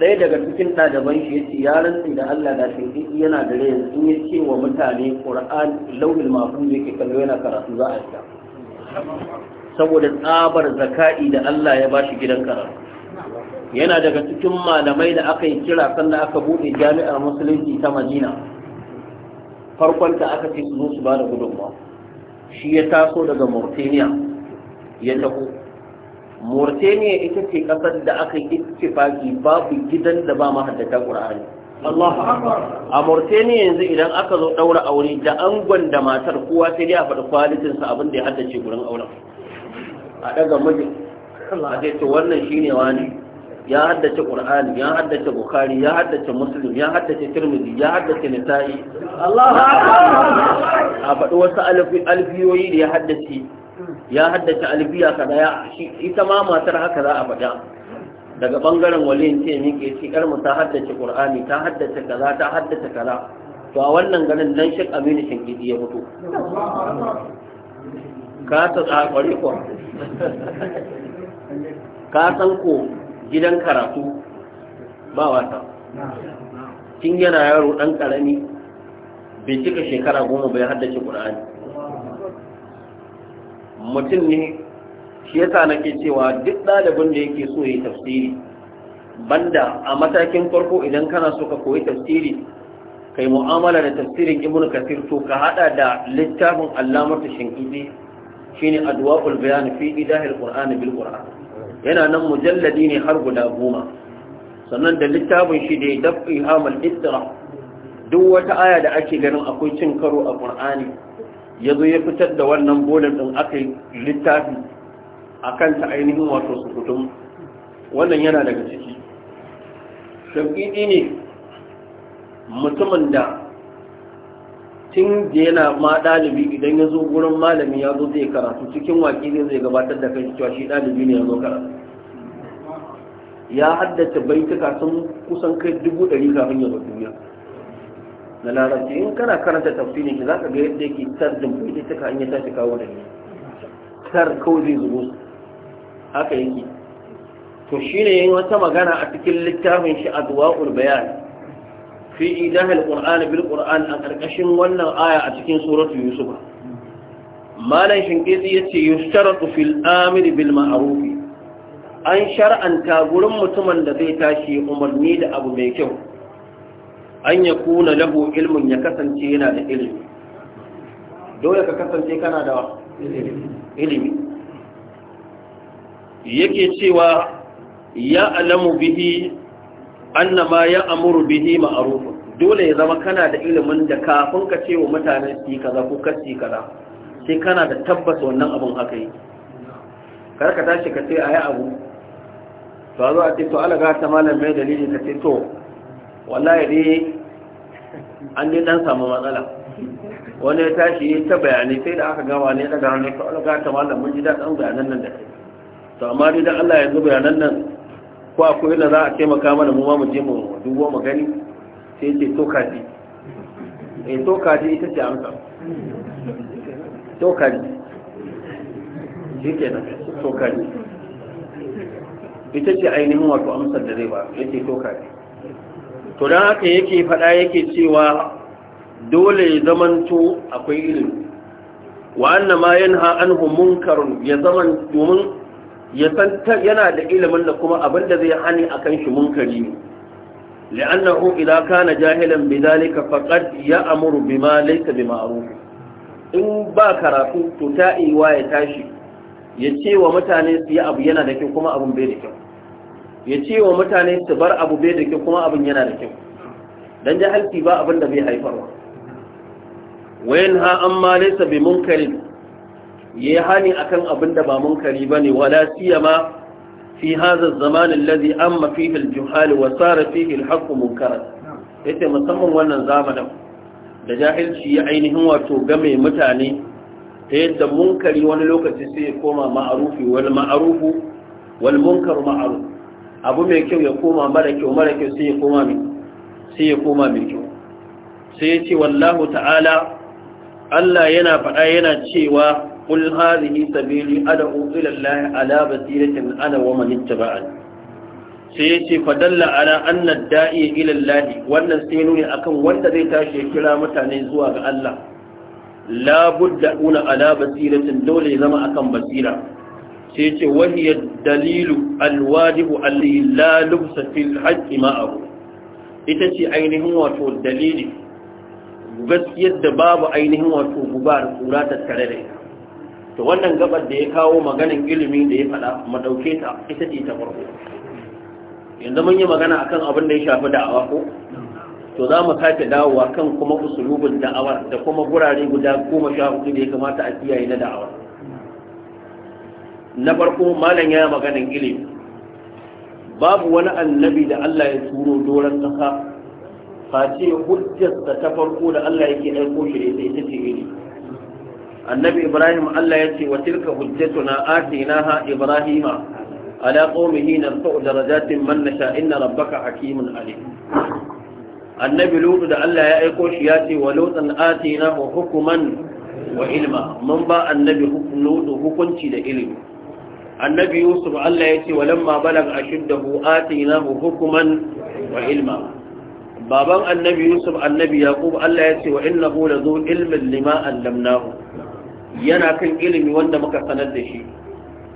sai daga cikin ɗaliban shi yace ya rantsi da Allah da shankiki yana da rai yanzu ya ce wa mutane Qur'an lawil mahfuz yake kallo yana karatu za a sha saboda tsabar zaka'i da Allah ya bashi gidan karatu yana daga cikin malamai da aka yi kira sannan aka buɗe jami'ar musulunci ta Madina farkon ta aka ce su zo su ba da gudunmawa shi ya taso daga mauritania ya taho mauritania ita ce kasar da aka yi ittifaki babu gidan da ba mahaddata ƙur'ani a mauritania yanzu idan aka zo ɗaura aure da angon da matar kowa sai dai a faɗi kwalitinsa abin da ya haddace gurin auren a daga mijin a ce wannan shine wani ya haddace qur'ani ya haddace bukhari ya haddace muslim ya haddace tirmidhi ya haddace nisa'i Allahu akbar a faɗi wasu alfi alfiyoyi da ya haddace ya haddace alfiya kada ya ita ma matar haka za a faɗa daga bangaren waliyin ce ke ce kar mu ta haddace qur'ani ta haddace kaza ta haddace kaza to a wannan ganin dan shi Aminu Shinkidi ya fito ka ta ko ka san ko gidan karatu ba wata kin yana yaro dan karami bai cika shekara goma bai haddace ƙura'ani. mutum ne shi yasa nake cewa duk ɗalibin da yake so yi tafsiri banda a matakin farko idan kana so ka koyi tafsiri kai mu'amala da tafsirin ibnu kasir to ka hada da littafin allamar ta shinkiti shine adwaqul bayan fi idahil qur'an bil qur'an yana nan mujalladi ne har guda goma sannan da littafin shi da ya dafi hamal istira duk wata aya da ake ganin akwai cin karo a ƙur'ani ya zo ya fitar da wannan bolin ɗin aka yi littafi a kanta ainihin wato sukutun wannan yana daga ciki shafiɗi ne mutumin da tun da yana ma ɗalibi idan ya zo wurin malami ya zo zai karatu cikin waƙi ne zai gabatar da kai cewa shi ɗalibi ne ya zo karatu ya haddace baituka sun kusan kai dubu ɗari kafin ya zo duniya na larabci in kana karanta tafsiri ki za ka ga yadda yake tarjin baituka an ya tashi kawo da ni tar kawai zai zubo haka yake to shine yin wata magana a cikin littafin shi a adwa'ul bayan fi idahil qur'an bil qur'an a karkashin wannan aya a cikin suratu yusuf malan shinkezi yace yushtaratu fil amir bil ma'ruf an shar'anta gurin mutumin da zai tashi umarni da abu mai kyau an ya kuna lahu ilmin ya kasance yana da ilimi dole ka kasance kana da ilimi yake cewa ya alamu bihi annama ya amuru bihi ma'ruf dole ya zama kana da ilimin da kafin ka ce wa mutane su kaza ko kasi kaza sai kana da tabbas wannan abun haka yi kar ka tashi ka ce ayi abu to zo a ce to ga ta malam mai dalili ka ce to wallahi dai an dai dan samu matsala wani ya tashi ya ta bayani sai da aka gama ne daga hannu to alaga ta malam mun ji daɗin bayanan nan da kai to amma dai dan Allah zuba bayanan nan ko akwai yadda za a taimaka mana mu ma mu je mu dubo mu gani sai ce tokaji eh tokaji ita ce amsa tokaji shi ke nan tokaji ita ce ainihin wato amsa da zai ba ya ce tokaji to don haka yake faɗa yake cewa dole ya zamanto akwai ilimi wa'annan ma yanha anhu munkarun ya zaman domin ya san yana da ilimin da kuma abin da zai hani a kan shi munkari ne لأنه إذا كان جاهلا بذلك فقد يأمر بما bi بمعروف in ba karatu to ta iwa ya tashi ya ce wa mutane su yi abu yana da kyau kuma abin bai da kyau ya ce wa mutane su bar abu bai da kyau kuma abin yana da kyau dan jahalci ba abin da bai haifarwa wayan ha amma laysa bi munkarin ya yi hani akan abin da ba munkari ba ne wala siyama fi hazar zamanin lazi an mafi hiljuhali wa tsara fi hilhaku munkara ya ce musamman wannan zamanin da jahilci ya ainihin wato game mutane ta yadda munkari wani lokaci sai ya koma ma'arufi wal ma'arufu wal munkar ma'aruf abu mai kyau ya koma mara kyau mara kyau sai ya koma mai sai ya koma mai kyau sai ya ce wallahu ta'ala Allah yana faɗa yana cewa قل هذه سبيلي أدعو إلى الله على بصيرة أنا ومن اتبعني sayace fa dalla ala anna da'i ila Allah wannan sai nuni akan wanda zai tashi ya kira mutane zuwa ga Allah la budda ala basiratin dole zama akan basira sayace wahiya dalilu alwajibu alladhi la lubsa fil haqqi ma'ahu ita ce ainihin wato dalili gaskiyar da babu ainihin wato gubar kura ta tare da ita to wannan gabar da ya kawo maganin ilimi da ya fada madauke ta ita ce ta farko yanzu mun yi magana akan abin da ya shafi da'awa ko to za mu sake dawowa kan kuma usulubin da'awar da kuma gurare guda goma sha hudu da ya kamata a kiyaye na da'awar na farko malam ya maganin ilimi babu wani annabi da Allah ya turo doron kasa face hujjarsa ta farko da Allah yake aiko shi da ita ce ilimi annabi ibrahim Allah ya ce wa tilka hujjatuna ha ibrahima ala qaumihi narfa'u darajatin man nasha inna rabbaka hakimun alim annabi lutu da Allah ya aiko shi ya ce wa lutan atinahu hukuman wa ilma mun ba annabi lutu hukunci da ilimi annabi yusuf Allah ya ce wa walamma balag ashuddahu atinahu hukuman wa ilma baban annabi yusuf annabi yaqub Allah ya ce wa innahu lazu ilmin lima allamnahu yana kan ilimi wanda muka sanar da shi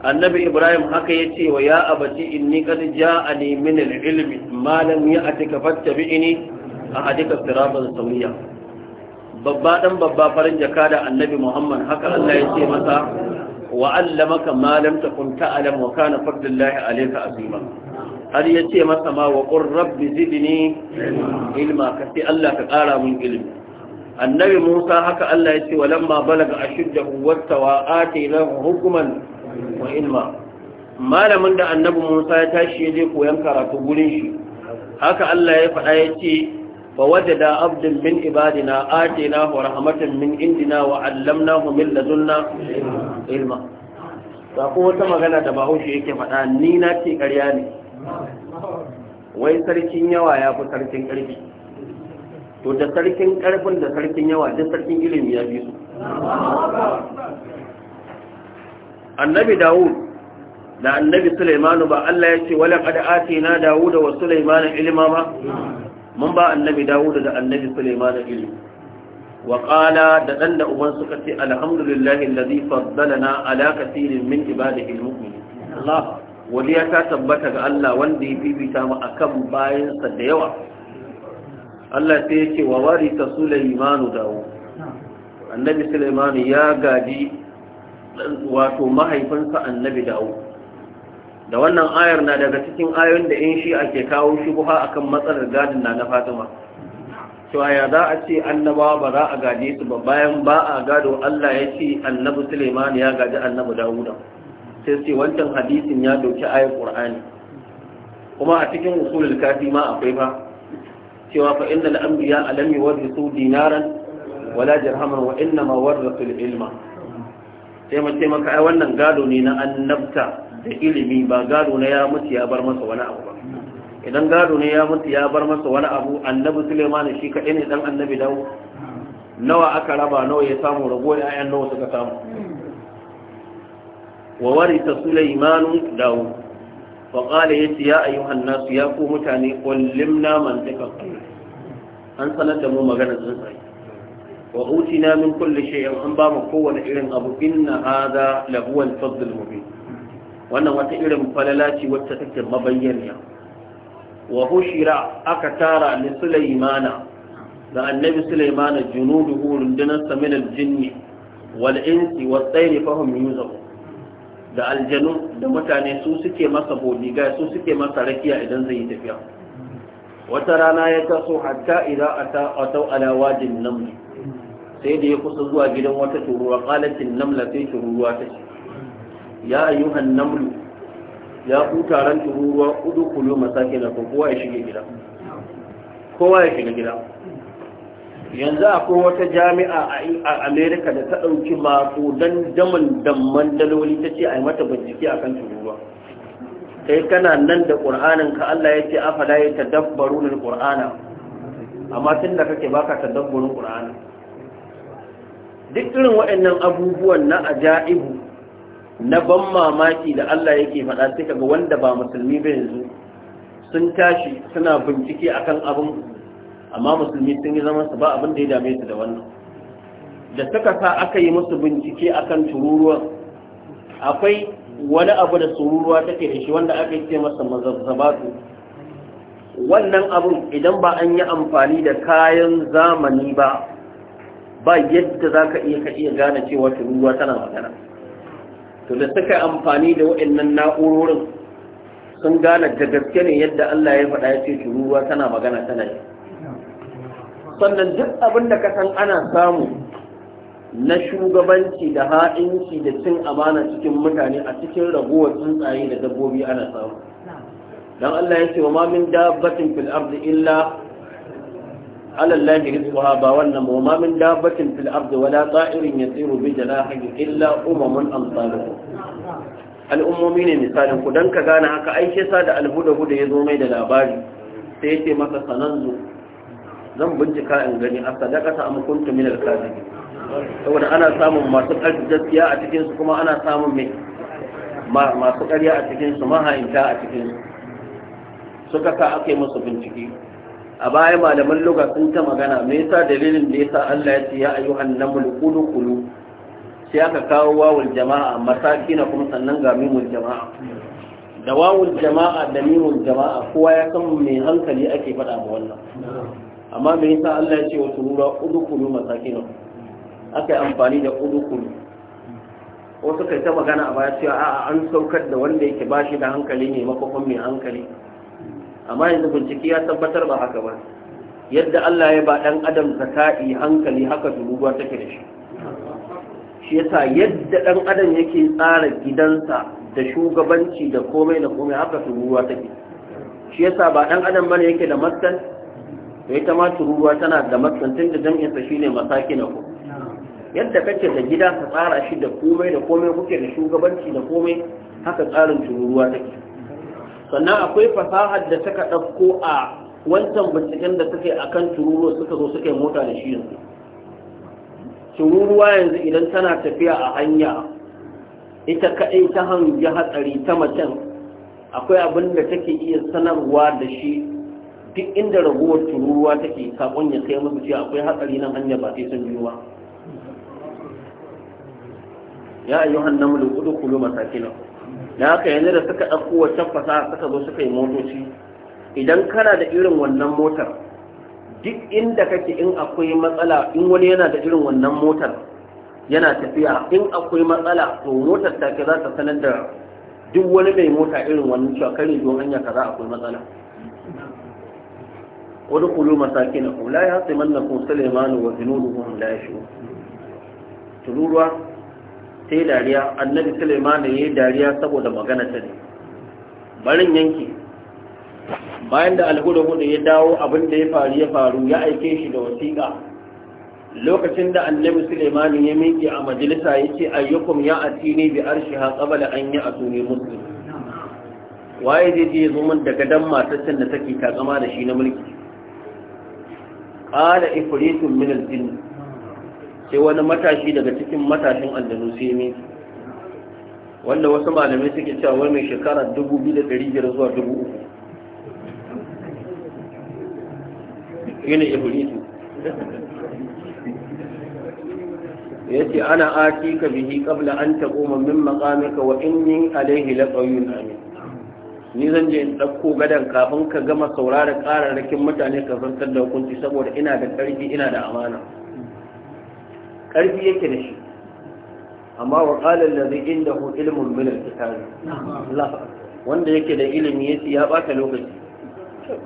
annabi ibrahim haka ya ce wa ya abaci inni qad ja'ani min al-ilmi ma lam ya'tika a ahadika siratan sauriya. babba dan babba farin jaka da annabi muhammad haka Allah ya ce masa wa 'allamaka ma lam takun ta'lam wa kana fadlullahi 'alayka azima har ya ce masa ma wa qur rabbi zidni ilma ka Allah ka ƙara min ilimi annabi Musa haka Allah ya ce wa lamma balaga a ashuddahu wattawa atainahu hukuman wa ilma malamin da annabi Musa ya tashi ya je koyon karatu gurin shi haka Allah ya faɗa ya ce ba fa da abdan min ibadina wa rahmatan min indina wa hu min ladunna ilma ta ko wata magana da Bahaushe yake faɗa ni na ce ƙarya ne wai sarkin yawa ya fi sarkin ƙarfi to da sarkin karfin da sarkin yawa da sarkin ilimi ya bi su annabi dawud da annabi sulaimanu ba Allah ya ce wala qad atina dawud wa sulaimana ilma ba mun ba annabi dawud da annabi sulaimanu ilmi wa qala da dan da uban suka ce alhamdulillahi alladhi faddalana ala kathirin min ibadihi almu'minin Allah wadiya ta tabbata ga Allah wanda ya bibita mu akan bayansa da yawa Allah sai yake wa warita Sulaimanu dawo annabi Sulaimanu ya gaji wato mahaifinsa annabi dawo da wannan ayar na daga cikin ayoyin da in shi ake kawo shi buha akan matsalar gadin na na Fatima to ya za a ce annabawa ba za a gaje su ba bayan ba a gado Allah ya ce annabi sulaiman ya gaji annabi Dawuda sai ce wancan hadisin ya dauki ayar Qur'ani kuma a cikin usulul kafi ma akwai ba cewa fa innal anbiya alam yuwarrisu dinaran wala dirhaman wa innama warrasu ilma sai mun taimaka ai wannan gado ne na annabta da ilimi ba gado ne ya mutu ya bar masa wani abu ba idan gado ne ya mutu ya bar masa wani abu annabi Sulaiman shi kaɗai ne dan annabi dawo nawa aka raba nawa ya samu rago da ayan nawa suka samu wa warisa Sulaiman dawo faƙala ya ce ya ayyuhan nasu ya ku mutane ƙwallim naman dukan an sanar da mu magana tsuntsaye wa na min kulle shay'in an ba mu kowane irin abu inna hadha lahu al-fadl mubin wannan wata irin falala ce wacce take mabayyana wa hushira aka tara li sulaymana da annabi sulaimana junuduhu rundunar sa min al-jinni wal insi was-tayri fahum yuzabu da aljanu da mutane su suke masa bodiga su suke masa rakiya idan zai yi tafiya wata rana ya taso hatta ila ata atau ala wajin naml sai da ya kusa zuwa gidan wata turuwa qalatin namla sai turuwa ta ce ya ayyuhan namlu ya ku taran turuwa masakin masakinakum kowa ya shige gida kowa ya shiga gida yanzu akwai wata jami'a a amerika da ta ɗauki don daman damman daloli ta ce a yi mata bincike a kan turuwa sai kana nan da ƙur'anin ka allah ya ce fada ya dabbaru na ƙur'ana amma tun da kake baka ta tadabbarin ƙur'ana duk irin waɗannan abubuwan na ajaibu na ban mamaki da allah yake faɗa sai kaga wanda ba musulmi ba yanzu sun tashi suna bincike akan abin amma musulmi sun yi zaman su ba abin da ya dame su da wannan da suka sa aka yi musu bincike akan tururuwa, akwai wani abu da tururuwa take da shi wanda aka ce masa mazabzabatu. wannan abu idan ba an yi amfani da kayan zamani ba ba yadda za ka iya kaɗi gane cewa tururuwa tana magana to da suka yi amfani da waɗannan na'urorin sun gane da gaske ne yadda Allah ya faɗa ya ce tururuwa tana magana tana yi sannan duk abin da ka san ana samu na shugabanci da ha'inci da cin amana cikin mutane a cikin ragowar tsuntsaye da dabbobi ana samu don Allah ya ce wa ma min dabbatin fil ardi illa على الله رزقها باونا وما من دابة في الأرض ولا طائر يطير بجناحه إلا أمم أمثالكم al'ummomi ne misalin ku don ka gane haka ai shi sa da alhuda huda ya zo mai da labari sai ya ce masa sananzu zan bincika in gani a sadaka ta kuntu min al-kadhibin saboda ana samun masu gaskiya a cikin su kuma ana samun mai masu ƙarya a cikin su mahayinta a cikin su suka ka ake musu bincike a baya malaman luga sun ta magana me yasa dalilin da yasa Allah ya ce ya ayyuhan namul qulu qulu sai aka kawo wawul jama'a masakina kuma sannan ga mimul jama'a da wawul jama'a da mimul jama'a kowa ya san me hankali ake faɗa ba wannan amma me yasa Allah ya ce wa turura udkhulu masakin aka yi amfani da udkhulu wasu kai ta magana a baya cewa a'a an saukar da wanda yake shi da hankali ne makofin mai hankali amma yanzu bincike ya tabbatar ba haka ba yadda Allah ya ba dan adam zaka'i hankali haka turuwa take da shi shi yasa yadda dan adam yake tsara gidansa da shugabanci da komai da komai haka turuwa take shi yasa ba dan adam bane yake da maskan to ita ma tururuwa tana da matsantin da jam'in sa shine na ku yadda kake da gida ka tsara shi da komai da komai kuke da shugabanci da komai haka tsarin tururuwa take sannan akwai fasahar da suka ɗauko a wancan binciken da suke akan tururuwa suka zo suka mota da shi yanzu tururuwa yanzu idan tana tafiya a hanya ita kaɗai ta hangi hatsari ta macen akwai abinda take iya sanarwa da shi duk inda raguwar tururuwa take sakon ya kai musu cewa akwai hatsari nan hanya ba sai sun biyo ba ya ayyuhan kudu udkhulu masakinakum da haka yanzu da suka ɗauko wata fasaha suka zo suka yi motoci idan kana da irin wannan motar duk inda kake in akwai matsala in wani yana da irin wannan motar yana tafiya in akwai matsala to motar ta ke za ta sanar da duk wani mai mota irin wannan cewa kare don hanya kaza akwai matsala ودخلوا مساكنكم لا يعصمنكم سليمان وجنودهم لا يشعرون tururuwa ta yi dariya annabi suleiman ya yi dariya saboda magana ta ne barin yanki bayan da alhuda-huda ya dawo abin da ya faru ya faru ya aike shi da wasiƙa lokacin da annabi sulemani ya miƙe a majalisa ya ce ayyukum ya tini bi arshi ha tsabala an yi tuni muslim waye zai je zo min daga dan matar da take takama da shi na mulki qala ifritun min al-jinn sai wani matashi daga cikin matashin aljanu sai wanda wasu malamai suke cewa wani mai shekara 2500 zuwa 3000 yana ibritu ya ce ana ati ka bihi kabla an taɓo min makamika wa inni alaihi laƙauyun amin ni zan je in ɗauko gadon kafin ka gama saurara ƙararrakin mutane ka zantar da hukunci saboda ina da ƙarfi ina da amana ƙarfi yake da shi amma wa ƙalar da zai inda hu ilimin milar kitabi wanda yake da ilimi ya ya ɓata lokaci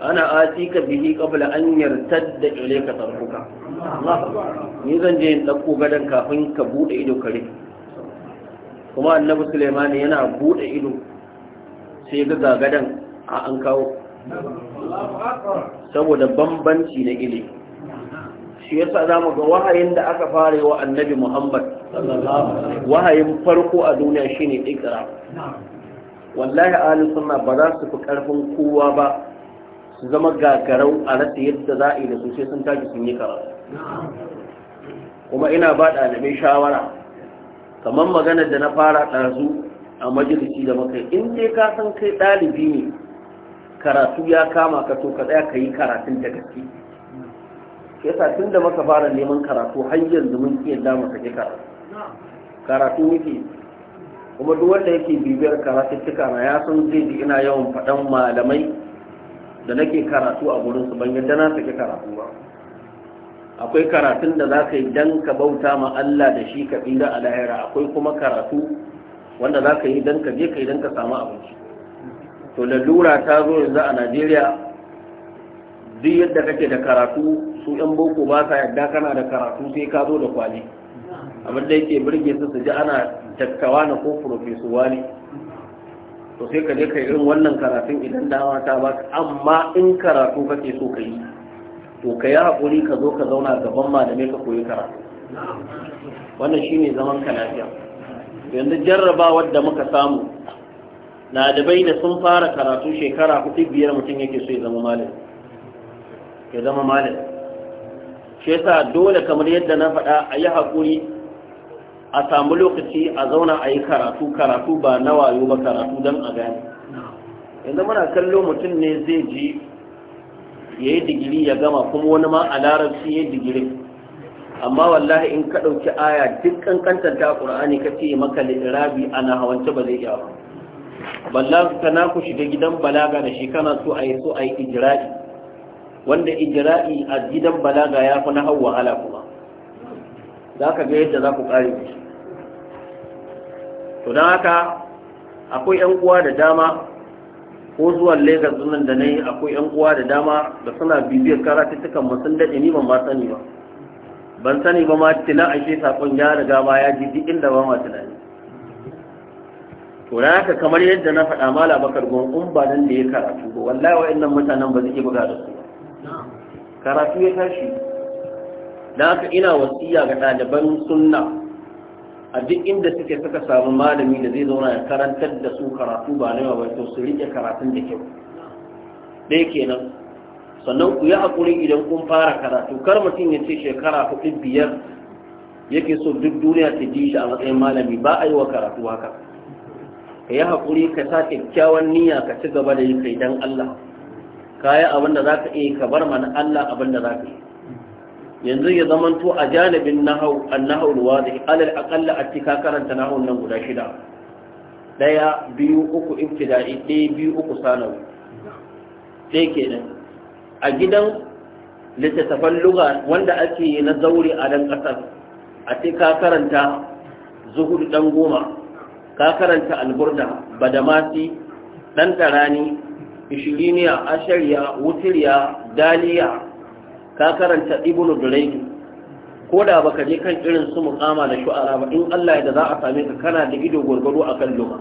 ana asi ka bihi kabla an yartar da ile ka tarkuka ni zan je in ɗauko gadon kafin ka buɗe ido kare kuma annabi Suleimani yana buɗe ido sai ga gagadan a an kawo saboda bambanci na ilimi shi yasa za mu ga wahayin da aka fara wa annabi muhammad wahayin farko a duniya shine ikra wallahi Ali sunna ba za su fi karfin kowa ba su zama gagarau a rata yadda za a su sun taji sun yi karatu kuma ina ba ɗalibai shawara kamar magana da na fara ɗazu a majalisi da makai in dai ka san kai ɗalibi ne karatu ya kama ka to ka tsaya ka yi karatun da gaske sa tun da maka fara neman karatu har yanzu mun iya dama ka karatu karatu muke kuma duk wanda yake bibiyar tuka na ya san zai ji ina yawan faɗan malamai da nake karatu a gurin su ban yadda na sake karatu ba akwai karatun da za ka yi dan ka bauta ma Allah da shi ka tsira a lahira akwai kuma karatu wanda za ka yi don ka je ka yi don ka samu abinci to lalura ta zo yanzu a najeriya duk yadda kake da karatu su yan boko ba sa yadda kana da karatu sai ka zo da kwali abin da yake birge su su ji ana tattawa na ko profesor wali. to sai ka je ka yi irin wannan karatun idan dama ta ba amma in karatu kake so ka yi to ka yi haƙuri ka zo ka zauna gaban malamai ka koyi karatu wannan shine zaman ka lafiya yanzu jarrabawar da muka samu ɗalibai da sun fara karatu shekara hudu biyar mutum yake so ya zama malam ya zama malam shi yasa dole kamar yadda na faɗa a yi haƙuri a samu lokaci a zauna a yi karatu karatu ba na wayo ba karatu don a gani. yanzu muna kallo mutum ne zai ji ya yi digiri ya gama kuma wani ma a larabci ya yi digirin amma wallahi in ka ɗauki aya duk kankantar ta Kur'ani ka ce maka lirabi ana hawance ba zai iya ba. balla ka na ku shiga gidan balaga da shi kana so a so a yi wanda ijira'i a gidan balaga ya fi na hau wahala kuma za ka ga yadda za ku shi to don haka akwai 'yan uwa da dama ko zuwan Legas nan da na yi akwai 'yan uwa da dama da suna bibiyar karatuttukan mu sun daɗe ni ban ma sani ba ban sani ba ma tilan ashe sakon ya riga ba ya ji duk inda ba ma tunani to na haka kamar yadda na faɗa mala bakar gon in ba nan da ya karatu ba wallahi innan mutanen ba zai buga da su karatu ya tashi da haka ina wasiya ga ɗaliban sunna a duk inda suke suka samu malami da zai zauna ya karantar da su karatu ba na yawa ba to su riƙe karatun da kyau ɗaya kenan sannan ku yi haƙuri idan kun fara karatu kar mutum ya ce shekara hudu biyar yake so duk duniya ta ji shi a matsayin malami ba a yi wa karatu haka ka yi haƙuri ka sa kyakkyawan niyya ka ci gaba da yi kai don Allah ka yi abin da za ka iya ka bar mana Allah abin da za ka yi yanzu ya zamanto a janibin nahau annahau alwadi alal aqalla a cika karanta nahau nan guda shida daya biyu uku ibtida'i ɗaya biyu uku sanawi ɗaya kenan a gidan littattafan luga wanda ake yi na zaure a dan ƙasar a ce ka karanta zuhudu ɗan goma ka karanta alburda badamasi ɗan tarani ishiriniya ashariya wutiriya daliya ka karanta ibnu duraini ko da baka je kan irin su mukama da shu'ara ba in Allah ya da za a same ka kana da ido a kan luma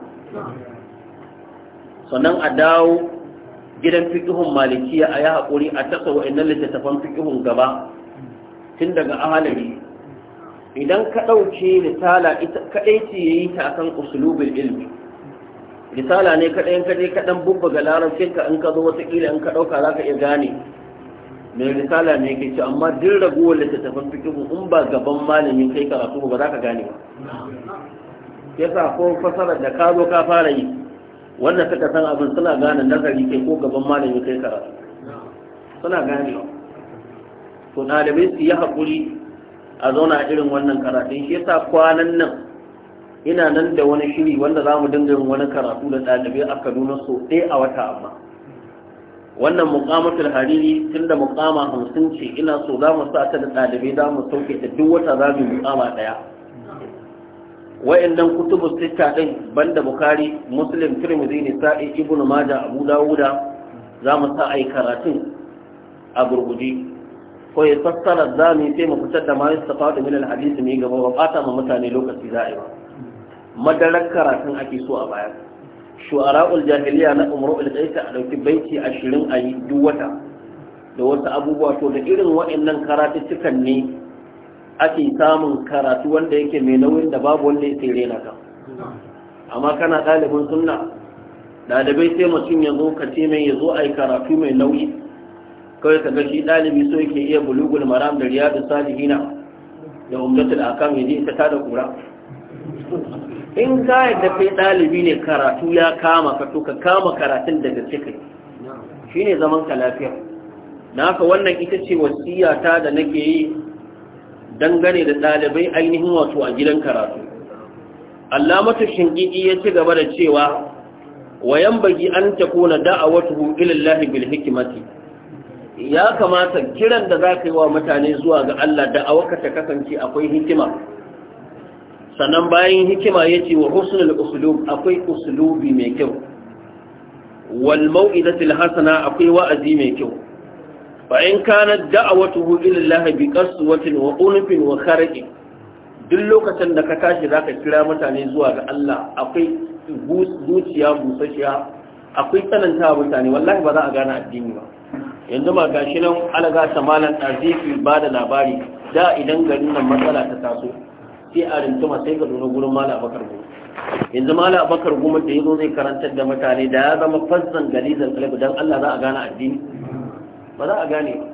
sannan a dawo gidan fiƙihun malikiya a ya haƙuri a tasa wa'annan littattafan fiƙihun gaba tun daga ahalari idan ka ɗauke risala ita kaɗai ce ya yi ta kan usulubin ilmi risala ne kaɗai ka je kaɗan ga larar ka in ka zo wataƙila in ka ɗauka za ka iya gane mai risala ne ke ce amma duk ragowar littattafan fiƙihun in ba gaban malamin kai karatu ba za ka gane ba yasa ko fasarar da ka zo ka fara yi wanda suka san abin suna gane nazari kai ko gaban malami kai karatu suna ganewa to ɗalibai su yi haƙuri a zauna a irin wannan karatun shi yasa kwanan nan ina nan da wani shiri wanda za mu dinga yin wani karatu da ɗalibai a kaduna so ɗaya a wata amma wannan muƙamatul hariri tun da muƙama hamsin ce ina so za mu sa ta da ɗalibai za mu sauke ta duk wata za mu muƙama ɗaya wa'annan kutubu sita din banda bukari muslim tirmidhi nisa'i ibnu Maja, abu dawuda za mu sa ai karatun a gurguji ko ya fassara zami sai mu fitar da ma yastafa min alhadith mai gaba ba fata ma mutane lokaci za'i ba madarar karatun ake so a baya shu'ara'ul jahiliya na umru al a dauki baiti ashirin a yi duk wata da wasu abubuwa to da irin nan karatuttukan ne ake samun karatu wanda yake mai nauyin da babu wanda ya tsere na ka amma kana ɗalibin sunna ɗalibai sai mutum ya zo ka ce mai ya zo a yi karatu mai nauyi kawai ka gashi ɗalibi so yake iya bulugul maram da riyadu salihina da umdatul akam ya je ta tada kura in ka yadda kai ɗalibi ne karatu ya kama ka to ka kama karatun daga cikin shine zaman ka lafiya na haka wannan ita ce wasiyata da nake yi dangane da ɗalibai ainihin wato a gidan karatu allamatu shingigi ya ci gaba da cewa wayan bagi an ta kona da'awatuhu ilallahi bil hikimati ya kamata kiran da za ka yi wa mutane zuwa ga Allah da ta kasance akwai hikima sannan bayan hikima ya ce wa husnul uslub akwai uslubi mai kyau wal mau'izatil hasana akwai wa'azi mai kyau fa in kana da'awatuhu ila Allah bi qaswatin wa unfin wa kharqin duk lokacin da ka tashi za ka kira mutane zuwa ga Allah akwai zuciya busasshiya akwai tsananta mutane wallahi ba za a gane addini ba yanzu ma gashi nan alaga ta malan arziki ba da labari da idan garin nan matsala ta taso sai a rintuma sai ka dona gurin Malam abakar goma yanzu mala abakar goma da zo zai karantar da mutane da ya zama fassan galizar kalbi don Allah za a gane addini ba za a gane ba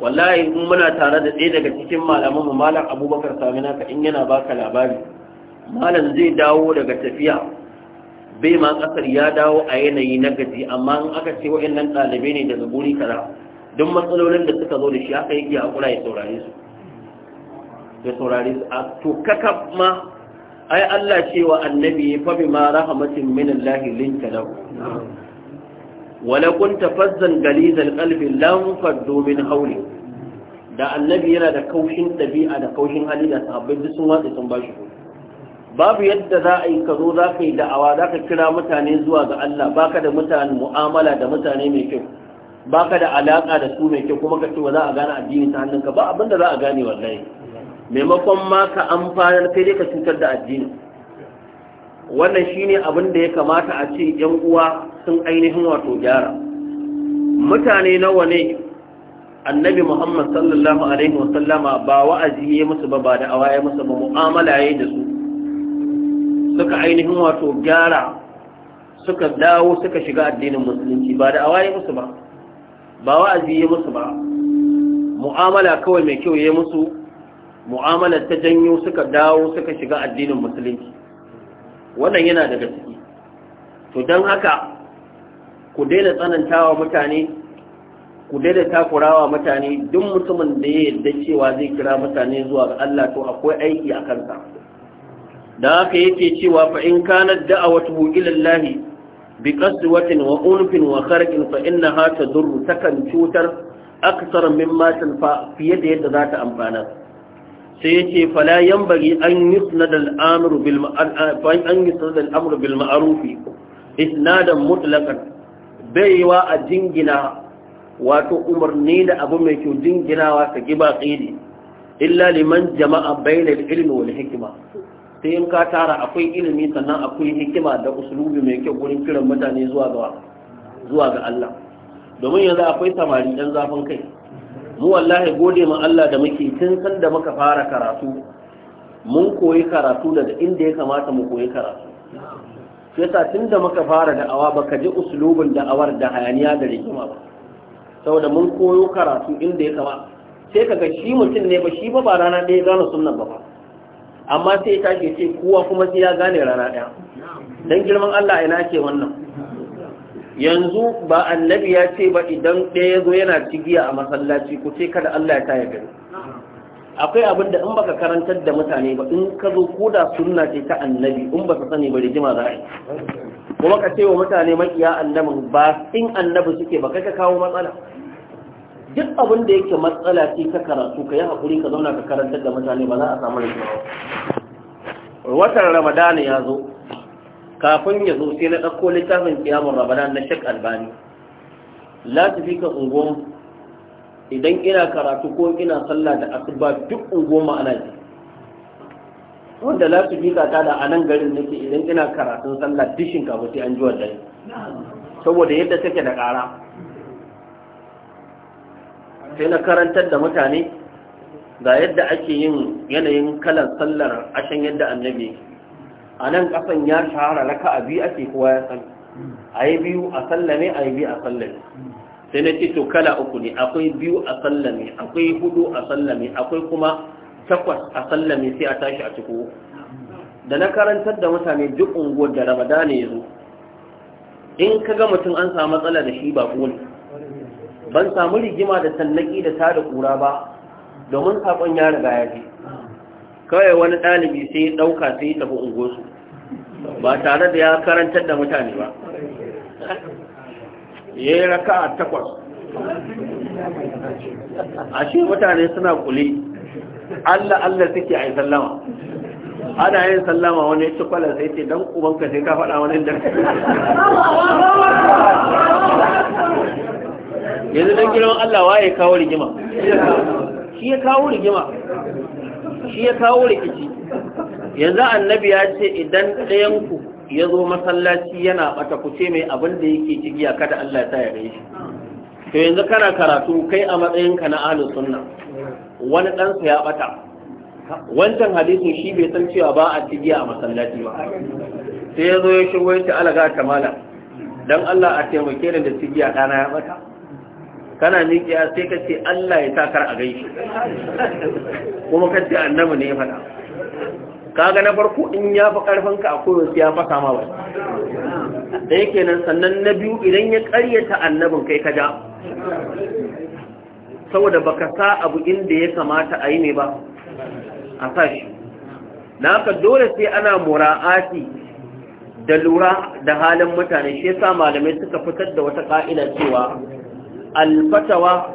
wallahi in muna tare da ɗaya daga cikin malaman mu malam abubakar samina ka in yana baka labari malam zai dawo daga tafiya bai ma kasar ya dawo a yanayi na gaji amma in aka ce nan ɗalibai ne daga guri kara duk matsalolin da suka zo da shi aka yi hakura ya saurare su ya saurare su a to kaka ma ai Allah cewa annabi fa ma, rahmatin min Allah linta lahu wala kunta fazzan galizal qalbi lam faddu min da annabi yana da kaushin ɗabi'a da kaushin hali da sahabbai sun watsa sun bashi babu yadda za a yi ka zo za ka yi da'awa za ka kira mutane zuwa ga Allah ka da mutane mu'amala da mutane mai kyau ka da alaƙa da su mai kyau kuma ka ce wa za a gane addini ta hannunka ba abinda za a gane wallahi maimakon ma ka amfanar kai dai ka cutar da addini wannan ne abin da ya kamata a ce yan uwa sun ainihin wato gyara mutane nawa ne annabi muhammad sallallahu alaihi wasallama ba wa'azi ya musu ba ba da ya musu ba mu'amala ya yi da su suka ainihin wato gyara suka dawo suka shiga addinin musulunci ba da awa ya musu ba ba wa'azi ya musu ba mu'amala kawai mai kyau ya musu mu'amalar ta janyo suka dawo suka shiga addinin musulunci wannan yana daga ciki to don haka ku daina tsanantawa mutane ku daina takurawa mutane duk mutumin da ya yarda cewa zai kira mutane zuwa ga Allah to akwai aiki a kansa da haka yake cewa fa in kana da'awatu ila Allah bi qaswatin wa unfin wa kharqin fa innaha tadur takan cutar aksar mimma tanfa fiye da yadda za ta amfana sai ya ce fala yan bari an yi sanadar amur bil ma'arufi isnadan yi wa a jingina wato umarni da abu mai kyau wa ka giba tsiri illa liman jama'a bai da ilmi wani hikima sai in ka tara akwai ilimi sannan akwai hikima da usulubi mai kyau wurin kiran mutane zuwa ga Allah domin yanzu akwai samari ɗan zafin kai mu wallahi gode ma Allah da muke tun san da muka fara karatu mun koyi karatu daga inda ya kamata mu koyi karatu sai yasa tun da muka fara da'awa baka ji uslubin da'awar da hayaniya da rigima ba saboda mun koyo karatu inda ya kama, sai kaga shi mutum ne ba shi ba ba rana ɗaya gane sunnan ba ba amma sai ya tashi ce kowa kuma sai ya gane rana ɗaya dan girman Allah ina ce wannan yanzu ba annabi ya ce ba idan ɗaya ya zo yana cigiya a masallaci ku ce kada Allah ya taya gari. akwai abin da in baka karantar da mutane ba in ka zo ko da sunna ce ta annabi in ba ta sani ba rigima za a yi kuma ka ce wa mutane makiya annabin ba in annabi suke ba kai ka kawo matsala duk abin da yake matsala ce ta karatu ka yi haƙuri ka zauna ka karantar da mutane ba za a samu rigima watan ramadana ya zo kafin ya zo sai na ɗauko littafin kiyamun rabana na shek albani la tafi ka unguwan idan ina karatu ko ina sallah da asuba duk unguwan ma'ana ji wanda la tafi ka ta da a nan garin nake idan ina karatun sallah dishin ka sai an ji dare saboda yadda take da ƙara sai na karantar da mutane ga yadda ake yin yanayin kalan sallar ashen yadda annabi a nan ƙasan ya shahara raka a biyu ake kowa ya sani a yi biyu a sallame a yi biyu a sallame sai na to kala uku ne akwai biyu a sallame akwai hudu a sallame akwai kuma takwas a sallame sai a tashi a ciko da na karantar da mutane duk unguwar da ne ya zo in ka ga mutum an samu matsala da shi ba ne ban samu rigima da tallaki da tada kura ba domin sakon ya riga ya kawai wani ɗalibi sai ya ɗauka sai ya tafi ungosu ba tare da ya karantar da mutane ba ya yi raka a takwas a shi mutane suna kuli allah allah suke a yi sallama ana yin sallama wani ya ci kwallon sai ce don ubanka sai ka faɗa wani da yanzu don girman allah waye kawo rigima shi ya kawo rigima shi ya kawo rikici yanzu annabi ya ce idan ɗayanku ya zo masallaci yana ku kuce mai abin da yake cigiya kada Allah ta yare shi to yanzu kana karatu kai a matsayinka na ahlus sunna wani ɗansa ya ɓata. wancan hadisin shi bai san cewa ba a cigiya a masallaci ba sai ya zo ya shigo ya ce alaga ta malam dan Allah a taimake ni da cigiya ɗana ya ɓata. kana miƙiya sai ka ce Allah ya takar a gaishe kuma ka ce annabi ne ya faɗa kaga na farko in ya fi ƙarfinka a koyo ya fasa ma da yake kenan sannan na biyu idan ya karyata annabin kai ka ja saboda baka sa abu inda ya kamata a yi ne ba a sa shi na haka dole sai ana mura'ati da lura da halin mutane shi sa malamai suka fitar da wata ka'ida cewa alfatawa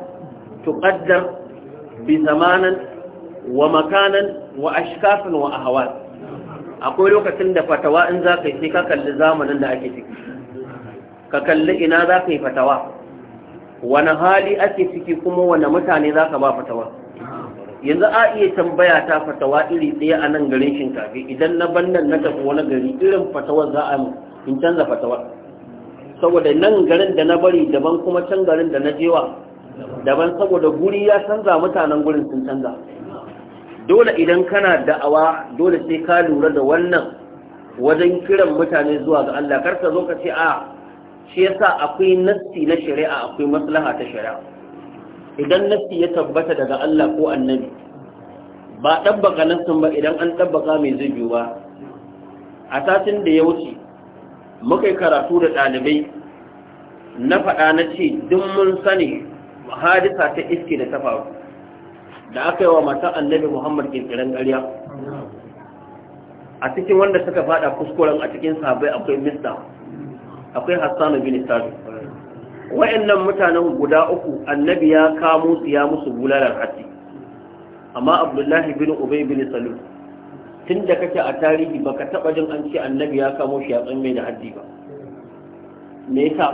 tuqaddar bi zamanan wa makanan wa ashkafin akwai lokacin da fatawa in za ka yi sai ka kalli zamanin da ake ciki ka kalli ina za ka yi fatawa wani hali ake ciki kuma wani mutane za ka ba fatawa yanzu a iya tambaya ta fatawa iri ɗaya a nan garin shinkafi idan na bannan na tafi wani gari irin fatawar za a in canza fatawar saboda nan garin da na bari daban kuma can garin da na jewa daban saboda guri ya canza mutanen gurin sun canza dole idan kana da'awa dole sai ka lura da wannan wajen kiran mutane zuwa ga Allah karka zo ka ce a shi yasa akwai nassi na shari'a akwai maslaha ta shari'a idan nassi ya tabbata daga Allah ko annabi ba dabbaka nassin ba idan an dabbaka mai zai ba a satin da ya wuce muka yi karatu da ɗalibai na faɗa na ce duk mun sani hadisa ta iske da ta faru da aka yi wa matan annabi muhammad kirkiran ƙarya a cikin wanda suka faɗa kuskuren a cikin sabai akwai mista akwai hassanu bin sabi wa'annan mutanen guda uku annabi ya kamo su ya musu bulalar hati amma abdullahi bin ubay bin salul tun da kake a tarihi ba ka taɓa jin an ce annabi ya kamo shi ya mai da haddi ba me yasa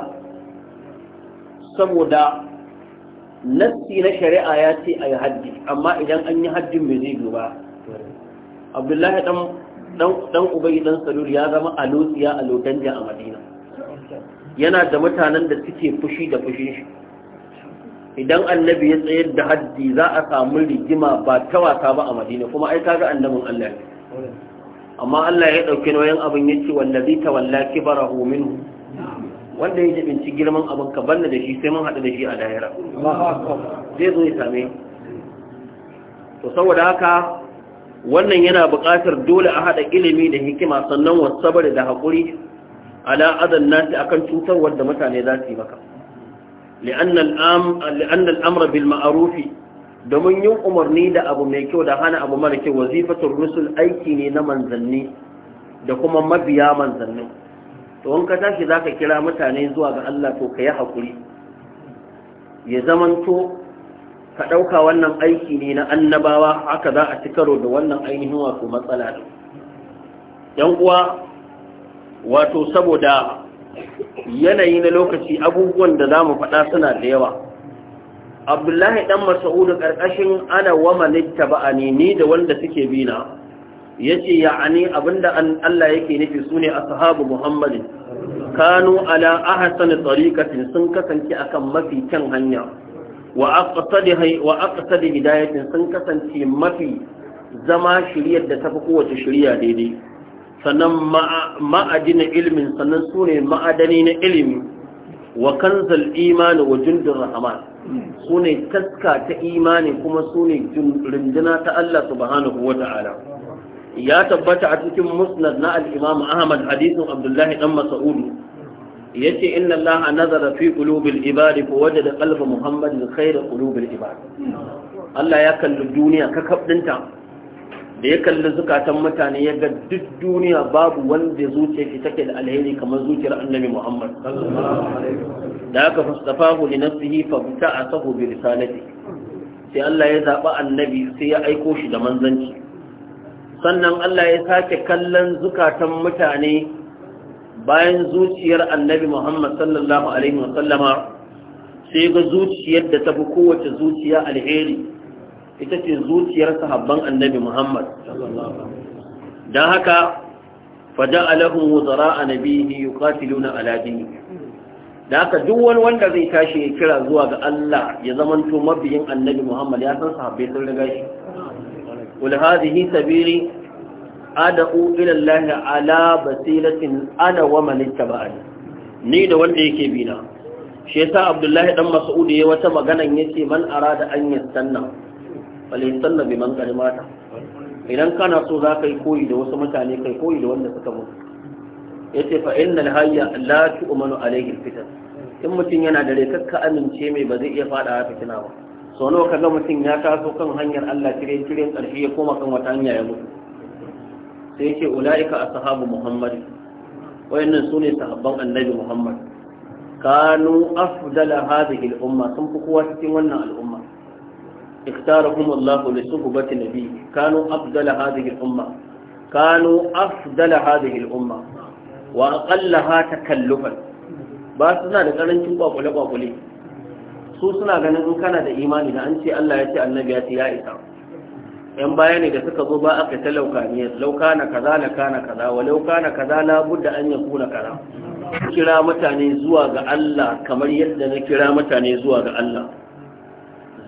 saboda nassi na shari'a ya ce a yi haddi amma idan an yi haddin mai zai gaba? abdullahi dan ubai dan salur ya zama alosiya a lodanja a madina yana da mutanen da suke fushi da fushin shi idan annabi ya tsayar da haddi za a samu rigima ba ta wasa ba a madina kuma ai kaga annabin allah ne amma Allah ya ɗauki nauyin abin ya ce wallazi tawalla kibarahu minhu wanda ya jibinci girman abin ka banda da shi sai mun haɗu da shi a lahira zai zo ya same to saboda haka wannan yana buƙatar dole a haɗa ilimi da hikima sannan wasabar da haƙuri ala adan nasi akan cutar wanda mutane za su yi maka li'anna al'amra bil ma'arufi domin yin umarni da abu mai kyau da hana abu mara kyau wazifatul rusul aiki ne na manzanni da kuma mabiya manzannin to in ka tashi zaka kira mutane zuwa ga Allah to kai hakuri ya zamanto ka ɗauka wannan aiki ne na annabawa haka za a ci karo da wannan ainihin wato matsala ne yan uwa wato saboda yanayi na lokaci abubuwan da za mu faɗa suna da yawa abdullahi dan mas'ud ƙarƙashin ana wa malitta ba'ani ni da wanda suke bina yace ya'ani abinda an Allah yake nufi sune ashabu muhammadin kanu ala ahsani tariqatin sun kasance akan mafi kyan hanya wa aqsadihi wa hidayatin sun kasance mafi zama shiriyar da tafi kowace shirya daidai sannan ma'adin ilmin sannan sune ma'adani na ilimi wa kanzal imani wa jundun rahman su ne taska ta imani kuma su ne runduna ta Allah subhanahu wa ta'ala ya tabbata a cikin musnad na al-imam ahmad hadisin abdullahi dan mas'ud yace inna allaha nazara fi qulubil ibadi fa wajada qalba muhammad khayra qulubil ibad Allah ya kalli duniya ka kabdinta da ya kalli zukatan mutane ya ga duk duniya babu wanda zuciya ke take da alheri kamar zuciyar annabi Muhammad da aka fastafahu li nafsihi fa sahu bi risalati sai Allah ya zaba annabi sai ya aiko shi da manzanci sannan Allah ya sake kallon zukatan mutane bayan zuciyar annabi Muhammad sallallahu Alaihi wasallama sai ga zuciyar da ta fi kowace zuciya alheri ita ce zuciyar sahabban annabi Muhammad Da haka faja'alahum wuzara nabihi yuqatiluna katiluna dinihi da haka duk wani wanda zai tashi ya kira zuwa ga Allah ya zamanto mabiyin annabi Muhammad ya san sahabbai sun riga shi wal sabiri ad'u ila ala basilatin ana wa man ittaba'ani ni da wanda yake bina shi Abdullahi dan Mas'ud ya wata magana yace man arada an sannan. falisanna bi man kalmata idan kana so za ka yi koyi da wasu mutane kai koyi da wanda suka mutu ya ce fa innal hayya la tu'manu alaihi fitan in mutum yana da rekakka amince mai ba zai iya fada fitina ba so nawa kaga mutum ya taso kan hanyar Allah tire tiren karshe ya koma kan wata hanya ya mutu sai yake ulaika ashabu muhammad wayannan sune sahabban annabi muhammad kanu afdala hadhihi al-umma sun fi kowa cikin wannan al'umma اختارهم الله لصحبة النبي كانوا أفضل هذه الأمة كانوا أفضل هذه الأمة وأقلها تكلفا باسنا لقرنشن قابل قابل سوسنا غنن كان da imani da an ce Allah ya ce annabi ya ce ya isa yan baya ne da suka zo ba aka ta laukaniya laukana kaza na kana kaza na laukana kaza la budda an yakuna kaza kira mutane zuwa ga Allah kamar yadda na kira mutane zuwa ga Allah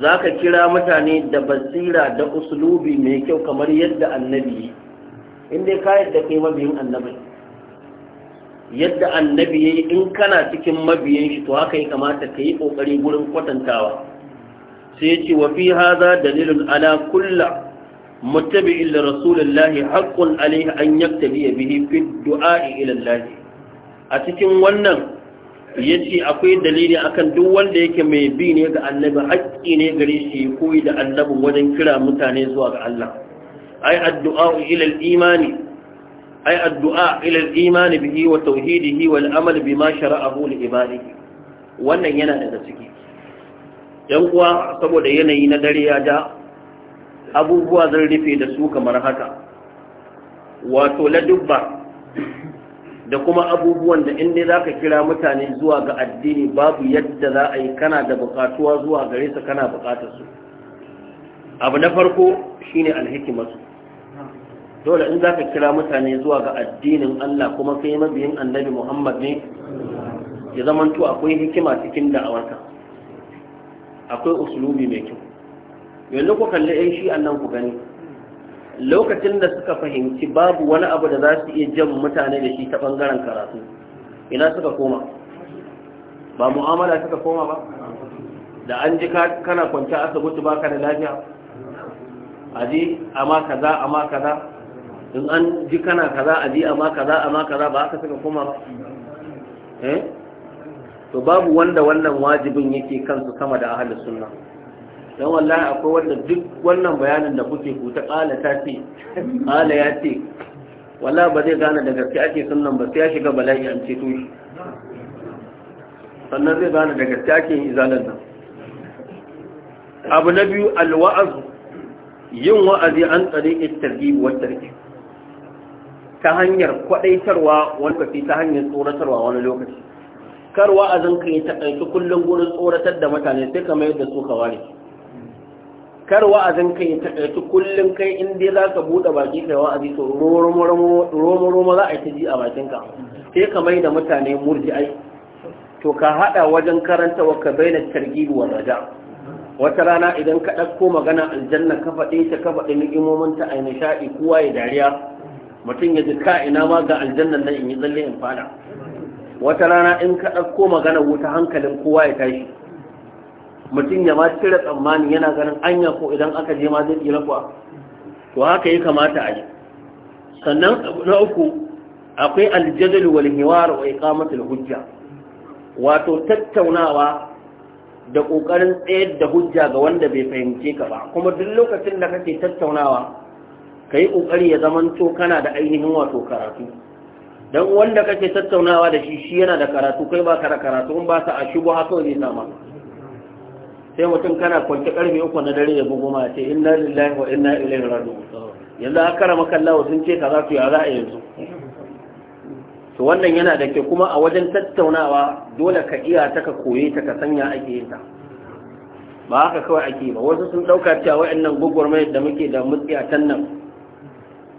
zaka kira mutane da basira da usulubi mai kyau kamar yadda annabi inda ka yadda kai mabiyin annabi yadda annabi ya in kana cikin mabiyin shi to haka ya kamata ka yi ƙoƙari gurin kwatantawa sai ce wa fi haza dalilun ala kulla muttabi'in illa rasulullahi haƙƙun alaihi an yaktabi bihi fi du'a ila Allah a cikin wannan ya ce akwai dalili akan duk wanda yake mai bi ne ga annabi haƙƙi ne gare shi koyi da annabin wajen kira mutane zuwa ga Allah ai addu'a ila al-imani ai addu'a ila al-imani bihi wa tauhidihi wal amal bima shara'ahu li ibadihi wannan yana daga ciki yan uwa saboda yanayi na dare ya da abubuwa zan rufe da su kamar haka wato dubba da kuma abubuwan da inda za ka kira mutane zuwa ga addini babu yadda za a yi kana da bukatuwa zuwa gare su kana bukatar su abu na farko shi ne alhikimatu dole in za ka kira mutane zuwa ga addinin Allah kuma kai mabiyin annabi Muhammad ne ya to akwai hikima cikin da'awarka akwai usulubi mai kyau yanzu ku kalli ɗan shi nan ku gani lokacin da suka fahimci babu wani abu da za su iya jan mutane da shi ta ɓangaren karatu ina suka koma ba mu'amala suka koma ba da an ji kana kwanci asibiti ka da lafiya a ji amma kaza amma kaza in an ji kana kaza a ji amma kaza amma kaza ba aka suka koma ba eh to babu wanda wannan wajibin yake kansu sama da ahlus sunna don wallahi akwai wanda duk wannan bayanin da kuke ku ta ta ce kala ya ce wallahi ba zai gane da gaske ake sunan ba sai ya shiga bala'i an ceto shi sannan zai gane da gaske ake yin izalar nan abu na biyu alwa'azu yin wa'azi an tsare ittargi wattarki ta hanyar kwadaitarwa wani kafi ta hanyar tsoratarwa wani lokaci kar wa'azin ka yi taƙaitu kullum gurin tsoratar da mutane sai ka mayar da su ka ware kar wa'azin kai ya taɓa su kullum kai in dai za ka buɗe baki kai wa'azi to romo-romo za a yi ta ji a bakinka sai ka mai da mutane ai to ka haɗa wajen karanta wa ka bayyana targi wa raja wata rana idan ka ɗauko magana aljanna ka faɗe ta ka faɗi ni'imomin ta a nishaɗi kowa ya dariya mutum ya ji ka ina ma ga aljannan nan in yi tsalle in fada wata rana in ka ɗauko magana wuta hankalin kowa ya tashi mutum ya ma cire tsammani yana ganin anya ko idan aka je ma zai tsira kuwa to haka ya kamata a yi sannan na uku akwai aljadal wal hiwar wa iqamatul hujja wato tattaunawa da kokarin tsayar da hujja ga wanda bai fahimce ka ba kuma duk lokacin da kake tattaunawa kai kokari ya to kana da ainihin wato karatu dan wanda kake tattaunawa da shi shi yana da karatu kai ba ka da karatu in ba sa a shigo haka zai sama sai mutum kana kwanke karfe uku na dare ya bugu ma ce inna lillahi wa inna ilaihi raji'un yanzu aka rama kallawa sun ce kaza to ya za a yanzu to wannan yana da ke kuma a wajen tattaunawa dole ka iya ta ka koye ta ka sanya ake yin ta ba haka kawai ake ba wasu sun dauka cewa wayannan gugurmayar da muke da can nan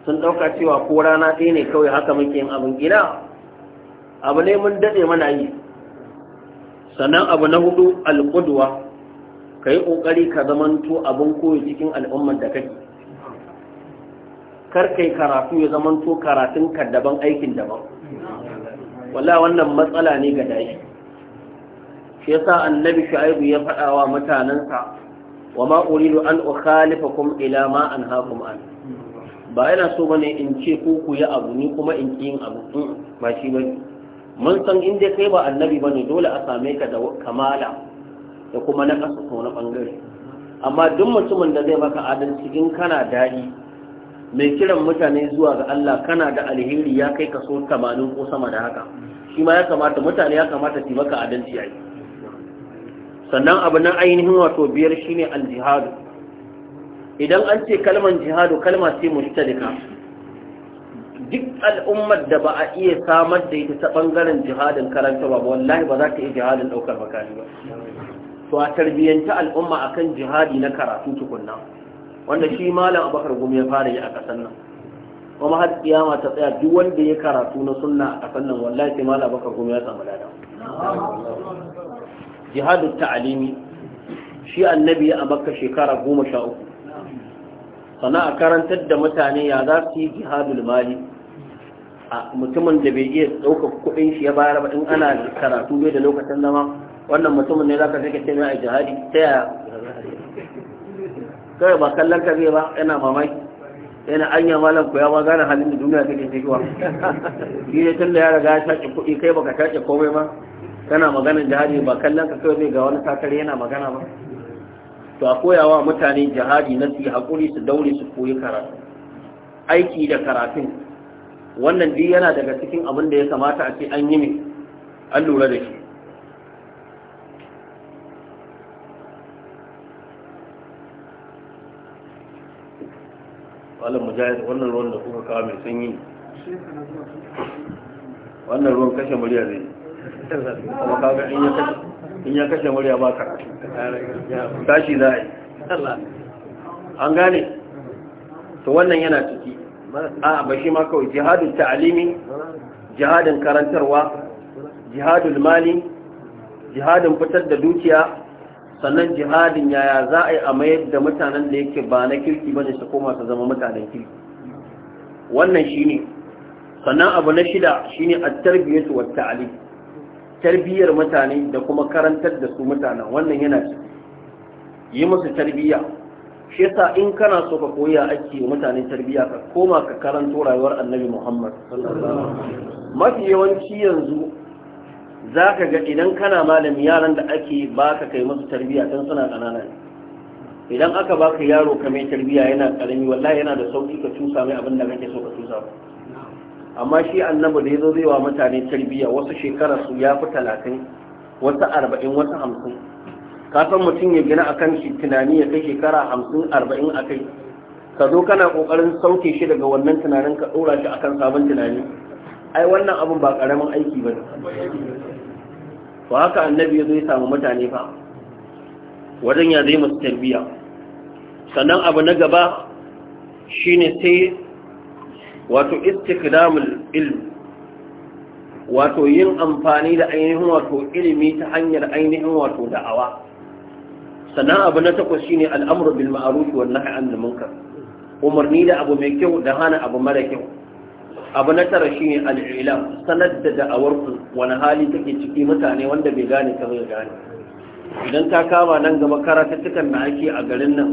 sun dauka cewa ko rana ɗaya ne kawai haka muke yin abin gina abu ne mun dade mana yi sannan abu na hudu alƙudwa ka yi ƙoƙari ka zamanto abin koyo cikin al'ummar da kake kar karatu ya zamanto karatun ka daban aikin daban wala wannan matsala ne ga dai shi yasa annabi shu'aibu ya faɗa wa mutanansa wa ma uridu an ukhalifakum ila ma anhaakum an ba yana so bane in ce ku ku yi abu ni kuma in ki yin abu mm, ba shi bane mun san inda kai ba annabi bane dole a same ka da kamala da kuma na ƙasa ko na ɓangare amma duk mutumin da zai maka adalci in kana daɗi mai kiran mutane zuwa ga Allah kana da alheri ya kai kaso 80 ko sama da haka shi ma ya kamata mutane ya kamata su maka adalci a yi sannan abu na ainihin wato biyar shine aljihadu idan an ce kalmar jihadu kalma ce mushtarika duk al'ummar da ba a iya samar da ita ta ɓangaren jihadin karanta ba wallahi ba za ta iya jihadin ɗaukar makami ba to a tarbiyyanta al'umma akan jihadi na karatu tukunna wanda shi malam abakar gumi ya fara yi a ƙasar nan kuma har kiyama ta tsaya duk wanda ya karatu na sunna a ƙasar nan wallahi sai malam abakar gumi ya samu lada jihadu ta'alimi shi annabi a makka shekara goma sha uku sana a karantar da mutane ya za su yi jihadul mali a mutumin da bai iya ɗaukar kuɗin shi ya bayar ba in ana karatu bai da lokacin zama wannan mutumin ne zaka sake ce mai a jihadi ta yaya kawai ba kallon ka zai ba yana mamaki yana anya malam ku ya ma gane halin da duniya take cikiwa shi ne tun da ya riga ya kuɗi kai baka shaƙe komai ba kana maganar jihadi ba kallon ka kawai zai ga wani takar yana magana ba to a koyawa mutane jihadi na su haƙuri su daure su koyi karatu aiki da karatun wannan duk yana daga cikin abin da ya kamata a ce an yi mai an lura da shi malam mujahid wannan ruwan da kuka kawo mai sanyi wannan ruwan kashe murya zai kuma kaga in ya kashe murya ba ka tashi za a yi an gane to wannan yana ciki a ba shi ma kawai jihadun ta'alimi jihadin karantarwa jihadul mali jihadin fitar da dukiya sannan jihadin yaya za a yi a mayar da mutanen da yake ba na kirki ba ne su koma su zama mutanen kirki wannan shi ne sannan abu na shida shi ne a tarbiyyatu wa ta'ali tarbiyyar mutane da kuma karantar da su mutanen wannan yana ce yi musu tarbiyya shi yasa in kana so ka koya ake mutane tarbiyya ka koma ka karanto rayuwar annabi muhammad mafi yawanci yanzu za ka ga idan kana malam yaran da ake ba ka kai masu tarbiyya tun suna ƙanana idan aka ba ka yaro ka mai tarbiyya yana ƙarami wallahi yana da sauƙi ka cusa mai abin da kake so ka cusa amma shi annabi da ya zo zai wa mutane tarbiyya wasu shekara su ya fi talatin wasu arba'in wasu hamsin ka san mutum ya gina akan shi tunani ya kai shekara hamsin arba'in a kai ka zo kana ƙoƙarin sauke shi daga wannan tunanin ka ɗora shi akan sabon tunani ai wannan abin ba ƙaramin aiki ba ne to haka annabi ya zo ya samu mutane fa wajen ya zai musu tarbiya sannan abu na gaba shine sai wato istikdamul ilm wato yin amfani da ainihin wato ilimi ta hanyar ainihin wato da'awa sannan abu na takwas shine al'amru bil ma'ruf wal nahy anil munkar umarni da abu mai kyau da hana abu mara kyau abu na tara ne al'ilam sanar da da'awarku wani hali take ciki mutane wanda bai gane ta bai gane idan ta kama nan gaba cikin na ake a garin nan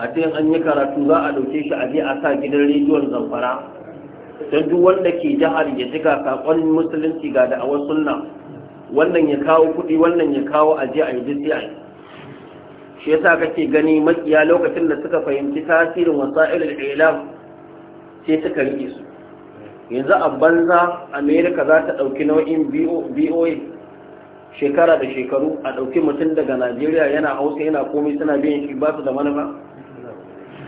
a cikin an yi karatu za a ɗauke shi a je a sa gidan rediyon zamfara don duk wanda ke jihar ya jika saƙon musulunci ga da'awar sunna wannan ya kawo kuɗi wannan ya kawo aje a yi a yi shi yasa kake gani makiya lokacin da suka fahimci tasirin wasa'ilul ilam sai suka rike su yanzu a banza amerika za ta dauki nau'in boa shekara da shekaru a dauki mutum daga najeriya yana hausa yana komai suna biyan shi ba su da manufa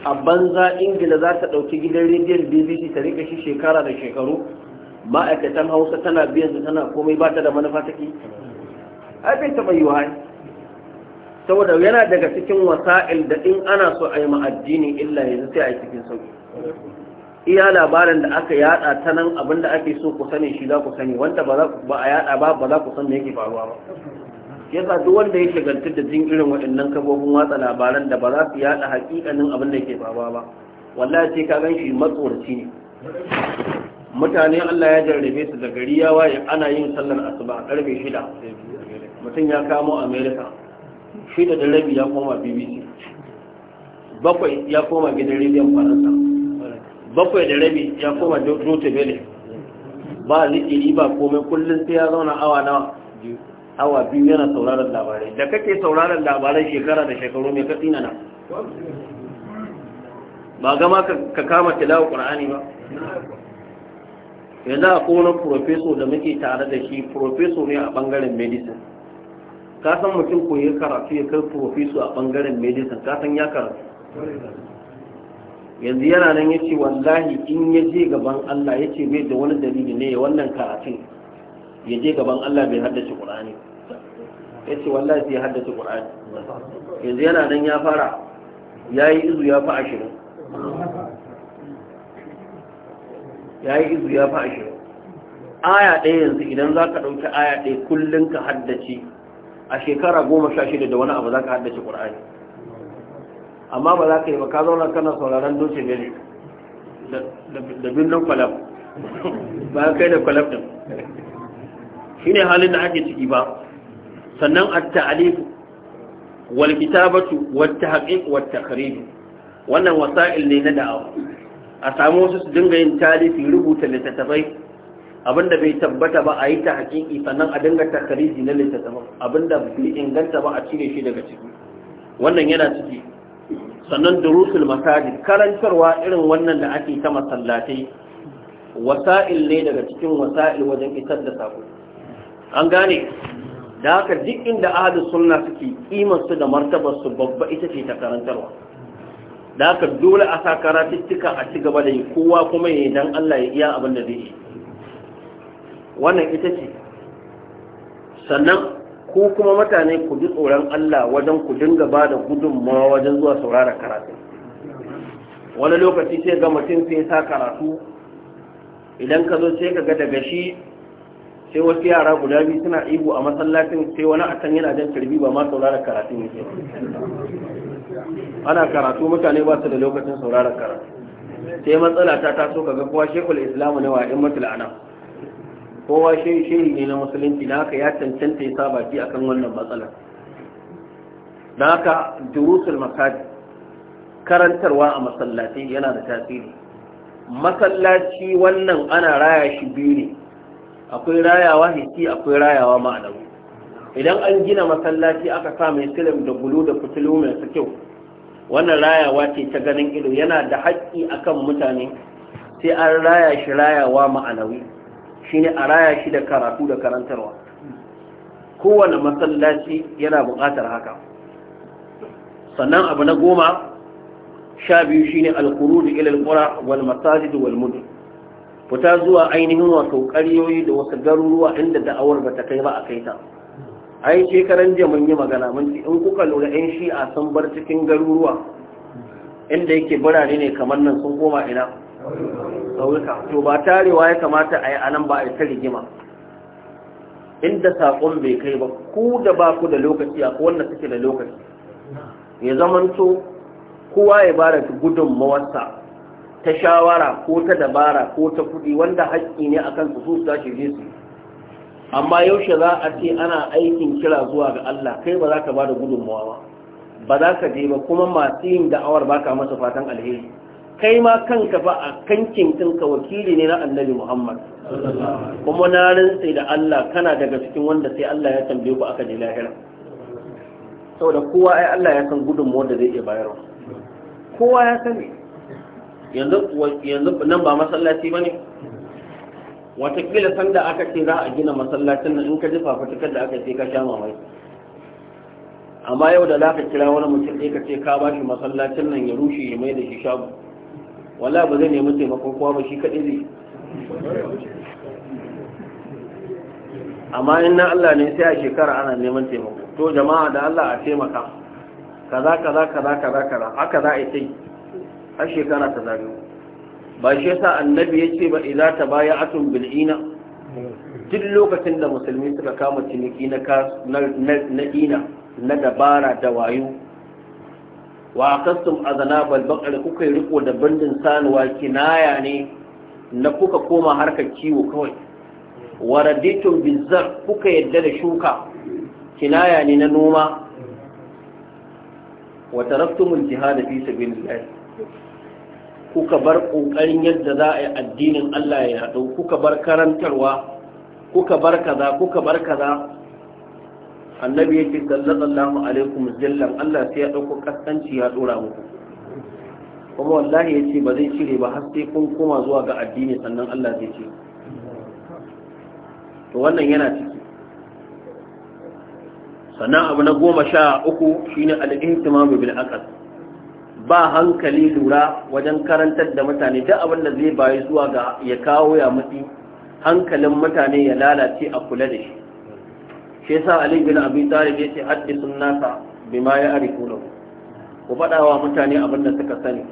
a banza ingila za ta dauki gidan rediyon bbc ta rika shi shekara da shekaru ma'aikatan hausa tana biyan su tana komai ba ta da manufa take ai bai taɓa yi wa saboda yana daga cikin wasa'il da in ana so a yi ma'addini illa yanzu sai a yi cikin sauki iya labarin da aka yada ta nan abin da ake so ku sani shi za ku sani wanda ba a yada ba ba za ku san me yake faruwa ba yasa duk wanda ya shagaltu da jin irin waɗannan kafofin watsa labaran da ba za su yada hakikanin abin da yake faruwa ba wallahi sai ka ganshi shi matsoraci ne mutane Allah ya jarrabe su da gari ya waye ana yin sallar asuba a karfe shida mutum ya kamo america shida da rabi ya koma bbc bakwai ya koma gidan rediyon faransa bakwai da rabi ya koma jote bele ba zikiri ba komai kullum sai ya zauna awa na awa biyu yana sauraron labarai da kake sauraron labarai shekara da shekaru mai katsi na ba gama ka kama tilawa ƙur'ani ba yanzu a kowane profeso da muke tare da shi profeso ne a ɓangaren medicine kasan mutum ko karatu ya kai profeso a ɓangaren medicine kasan ya karatu yanzu yana nan ya ce wallahi in ya je gaban Allah ya ce bai da wani dalili ne ya wannan karatun ya je gaban Allah bai haddace Qur'ani ya ce wallahi zai haddace Qur'ani yanzu yana nan ya fara ya yi izu ya fi ashirin ya yi izu ya fi ashirin aya ɗaya yanzu idan za ka ɗauki aya ɗaya kullum ka haddace a shekara goma sha shida da wani abu za ka haddace Qur'ani amma ba za ka yi ba ka zauna kana sauraron doce mele da birnin kwalab ba kai da kwalab din shi ne halin da ake ciki ba sannan a ta'alif wal batu wata haƙi wata karibi wannan wasa'il ne na da'awa a samu wasu su dinga yin talifi rubuta littattafai abinda bai tabbata ba a yi ta haƙiƙi sannan a dinga takariji na littattafai abinda bai inganta ba a cire shi daga ciki wannan yana ciki sannan durusul masajid karantarwa irin wannan da ake ta masallatai wasa'il ne daga cikin wasa'il wajen isar da sako an gane da haka duk inda ahli sunna suke kiman su da martabar su babba ita ce ta karantarwa da haka dole a sa karatuttuka a ci gaba da yi kowa kuma yi dan Allah ya iya abin da zai yi wannan ita ce sannan ko kuma mutane ku ji tsoron Allah wajen ku dinga ba da gudunmawa wajen zuwa saurara karatu wani lokaci sai ga mutum sai sa karatu idan ka zo sai ka ga daga shi sai wasu yara guda biyu suna ihu a masallacin sai wani a yana jan karbi ba ma saurara karatu ne ana karatu mutane ba su da lokacin saurara karatu sai matsala ta taso ga kowa shekul islamu ne wa in mutul kowa shi shi ne na musulunci da haka ya cancanta ya saba baki akan wannan matsalar da haka durusul makaji karantarwa a masallaci yana da tasiri masallaci wannan ana raya shi biyu ne akwai rayawa hiki akwai rayawa ma'anawi idan an gina masallaci aka sa mai silim da gulu da fitilu mai su kyau wannan rayawa ce ta ganin ido yana da haƙƙi akan mutane sai an raya shi rayawa ma'anawi shine a raya shi da karatu da karantarwa kowane masallaci yana buƙatar haka sannan abu na goma sha biyu shi shine alkhuruj da alqura wal masajid wal walmudu. fita zuwa ainihin wato ƙaryoyi da wasu garuruwa inda da'awar ba ta kai ba a kai ta ai shekaran jiya mun yi magana mun ci in kuka lura yan shi'a san bar cikin garuruwa inda yake birane ne kamar nan sun koma ina ƙauyuka to ba tarewa ya kamata a yi anan ba a yi ta rigima inda saƙon bai kai ba ku da ba ku da lokaci a kowanne suke da lokaci ya zamanto kowa ya bara ta gudun ta shawara ko ta dabara ko ta kuɗi wanda haƙƙi ne akan su su je su amma yaushe za a ce ana aikin kira zuwa ga Allah kai ba za ka ba da gudunmawa ba za ka je ba kuma masu yin da'awar ba ka masa fatan alheri kai ma kanka ba a kankin kanka wakili ne na annabi Muhammad kuma na rantsa da Allah kana daga cikin wanda sai Allah ya tambaye ku aka je lahira saboda kowa ai Allah ya san mu da zai iya bayarwa kowa ya san yanzu yanzu nan ba masallaci bane watakila sanda aka ce za a gina masallacin nan in ka ji fafutukar da aka ce ka sha mamaki amma yau da za ka kira wani mutum ɗaya ka ce ka ba shi masallacin nan ya rushe ya mai da shi shago wala ba zai nemi taimakon kowa ba shi kaɗai zai amma inna na Allah ne sai a shekara ana neman taimako to jama'a da Allah a taimaka kaza kaza kaza kaza kaza haka za a yi a har shekara ta zagayo ba shi yasa annabi ya ce ba idza bil bil'ina duk lokacin da musulmi suka kama ciniki na na ina na dabara da wayo wa kastum azana balbakar kuka yi riko da bandin sanuwa kinaya ne na kuka koma harkar kiwo kawai wa raditun bizar kuka yadda da shuka kinaya ne na noma wa taraktumul jihad fi sabilillah kuka bar kokarin yadda za a yi addinin Allah ya hadu kuka bar karantarwa kuka bar kaza kuka bar kaza annabi yake sallallahu alaikum zillan Allah sai ya dauko kaskanci ya dora muku kuma wallahi yace ba zai cire ba har sai kun koma zuwa ga addini sannan Allah zai ce to wannan yana ciki sannan abu na goma sha uku shine al ihtimam bil aqal ba hankali lura wajen karantar da mutane duk abin da zai bayi zuwa ga ya kawo ya mutsi hankalin mutane ya lalace a kula da shi shi yasa ali bin abi talib yace haddisun nasa bima ya arifuna ku faɗa wa mutane abin da suka sani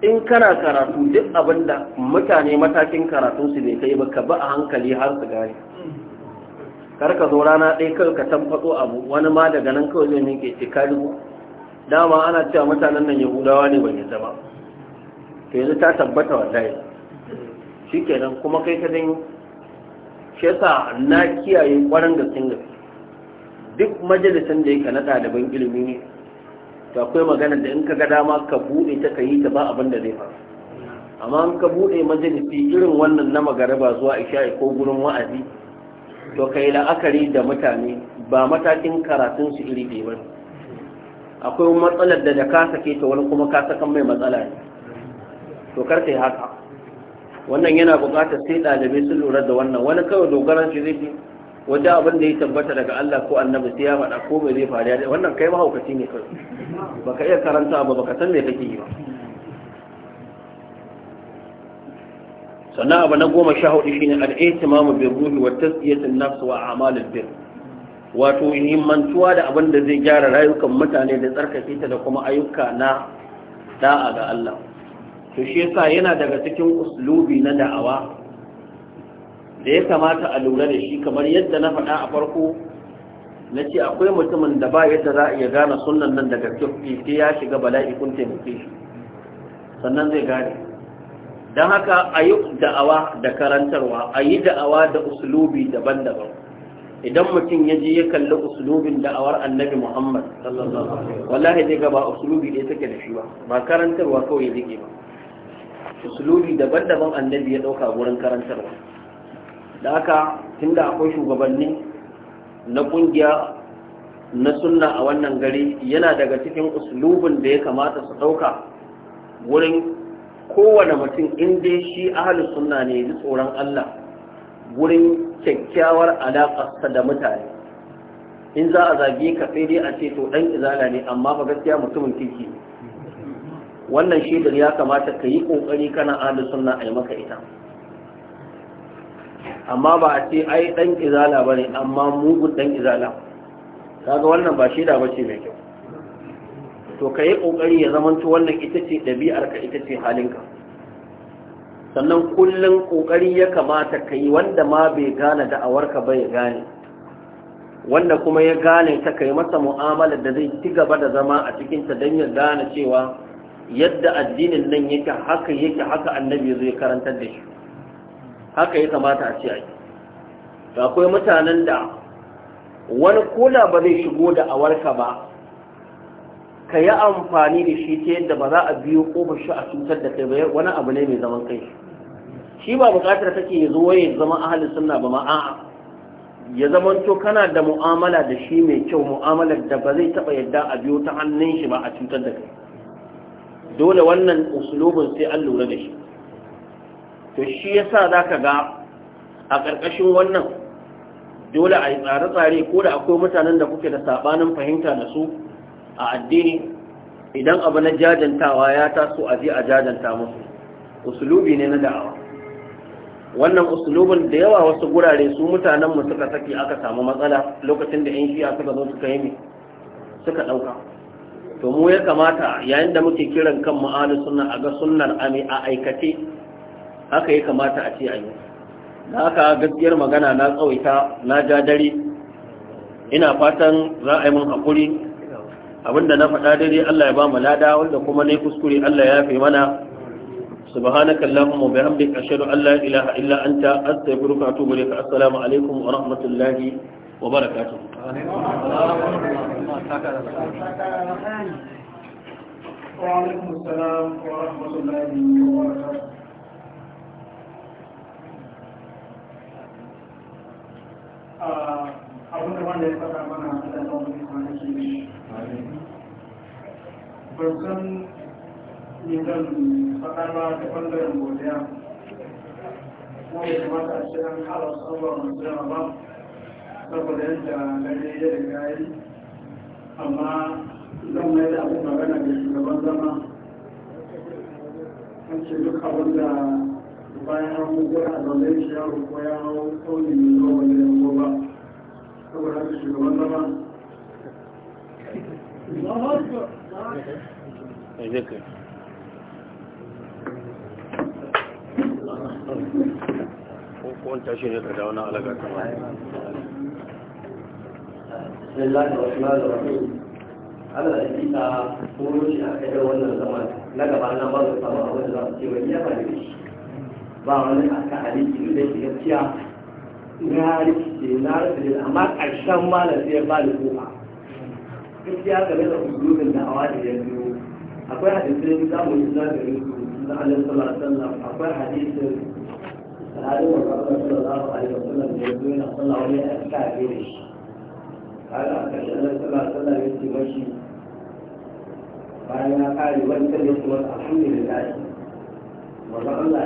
in kana karatu duk abin da mutane matakin karatun su bai kai ba ka ba a hankali har su gane kar ka zo rana ɗaya kawai ka tabbato abu wani ma daga nan kawai zai minke ce ka dama ana cewa mutanen nan yahudawa ne ban yadda to yanzu ta tabbata wallahi shikenan kuma kai ka dan shi yasa na kiyaye kwarin gaskiya duk majalisan da yake na ɗaliban ilimi ne to akwai magana da in ka ga dama ka buɗe ta ka yi ta ba abin da zai faru amma in ka buɗe majalisi irin wannan na magaraba zuwa isha'i ko gurin wa'azi to ka yi la'akari da mutane ba matakin karatun su iri ɗaya ba akwai matsalar da da ka sake ta wani kuma ka sakan mai matsala ne to kar ka yi haka wannan yana buƙatar sai ɗalibai sun lura da wannan wani kawai dogaran shi zai wanda abin da ya tabbata daga Allah ko annabi sai ya faɗa ko bai zai faru wannan kai mahaukaci ne kai baka iya karanta ba baka san me kake yi ba sannan abu na goma sha hudu shine al-ihtimamu bi ruhi wa tasqiyatu an-nafs wa a'malul bir wato himmantuwa da abin da zai gyara rayukan mutane da tsarkake ta da kuma ayyuka na da'a ga Allah to shi yasa yana daga cikin uslubi na da'awa da ya kamata a lura da shi kamar yadda na faɗa a farko na ce akwai mutumin da ba yadda za a iya gane sunan nan daga sai ya shiga bala'i kun taimake shi sannan zai gane don haka a yi da'awa da karantarwa a yi da'awa da usulubi daban-daban idan mutum ya je ya kalli usulubin da'awar annabi muhammad wallahi zai ba usulubi ɗaya take da shi ba ba karantarwa kawai zai ba usulubi daban-daban annabi ya ɗauka wurin karantarwa da aka tunda akwai shugabanni na kungiya na sunna a wannan gari yana daga cikin uslubin da ya kamata su ɗauka wurin kowane mutum in shi ahalin sunna ne ji tsoron Allah wurin kyakkyawar alaƙarsa da mutane in za a zage ka sai dai a ce to ɗan izala ne amma ba gaskiya mutumin kirki wannan shaidar ya kamata ka yi ƙoƙari kana ahalin sunna a yi maka ita amma ba a ce ai dan izala bane amma mugun dan izala kaga wannan ba shi da bace mai kyau to kai kokari ya zamanto wannan ita ce dabi'ar ita ce halinka sannan kullun kokari ya kamata kai wanda ma bai gane da'awarka ba ya gane wanda kuma ya gane ta kai masa mu'amala da zai ci gaba da zama a cikin ta dan ya gane cewa yadda addinin nan yake haka yake haka annabi zai karantar da shi haka ya kamata a ce a yi akwai mutanen da wani kula ba zai shigo da awarka ba ka yi amfani da shi ta yadda ba za a biyo kofar shi a cutar da kai ba wani abu ne mai zaman kai shi ba bukatar take ya zo ya zama halin sunna ba ma'a a'a ya zama to kana da mu'amala da shi mai kyau mu'amalar da ba zai taba yadda a biyo ta hannun shi ba a cutar da kai dole wannan usulubin sai an lura da shi to shi yasa za ka ga a ƙarƙashin wannan dole a yi tsare-tsare ko da akwai mutanen da kuke da saɓanin fahimta da su a addini idan abu na jajantawa ya taso a je a jajanta musu usulubi ne na da'awa wannan usulubin da yawa wasu gurare su mutanen mu suka saki aka samu matsala lokacin da 'yan shiya suka zo suka yi suka ɗauka to mu ya kamata yayin da muke kiran kan ma'alu sunna a ga sunnar ami a aikace haka ya kamata a ce a yi da haka gaskiyar magana na tsawaita na ja dare ina fatan za a yi mun haƙuri abinda na faɗa dare Allah ya ba mu lada wanda kuma ne kuskure Allah ya fi mana subhanaka allahumma wa bihamdika ashhadu an la ilaha illa anta astaghfiruka wa atubu ilayk assalamu alaikum wa rahmatullahi wa barakatuh وعليكم السلام ورحمة الله وبركاته abin da wanda ya faɗa mana a da tsawon kwanaki ne ban san ne zan faɗa ba ta ɓangaren godiya kuma ya kamata a ce an halar tsawon masu yawa ba saboda yadda gare ya riga yi amma zan mai da abin magana da shugaban zama an ce duk abin da bayan an kuka a zaune shi ya rukuwa ya hau kauli mai zuwa wanda ya hau ba saboda haka shugaban zama وانت شيء يتداونا على قد بسم الله الرحمن الرحيم ana da kita ko shi a kai wannan zaman na gaba na ba su sama abin da za su ce wani ya fara da shi ba wani aka halittu da shi gaskiya na rikice na rikice amma ƙarshen malam sai ya ba da kofa gaskiya game da usulun da awa da ya biyo akwai hadisai da mu yi na gari su na alaihi sallallahu akwai hadisin sahabi wa sallallahu sallallahu alaihi wasallam da ya biyo na sallallahu alaihi a cikin da shi kaga a ƙarshen alaihi sallallahu sallallahu ya ce mashi bayan ya kare wancan ya ce masa alhamdulillah wanda Allah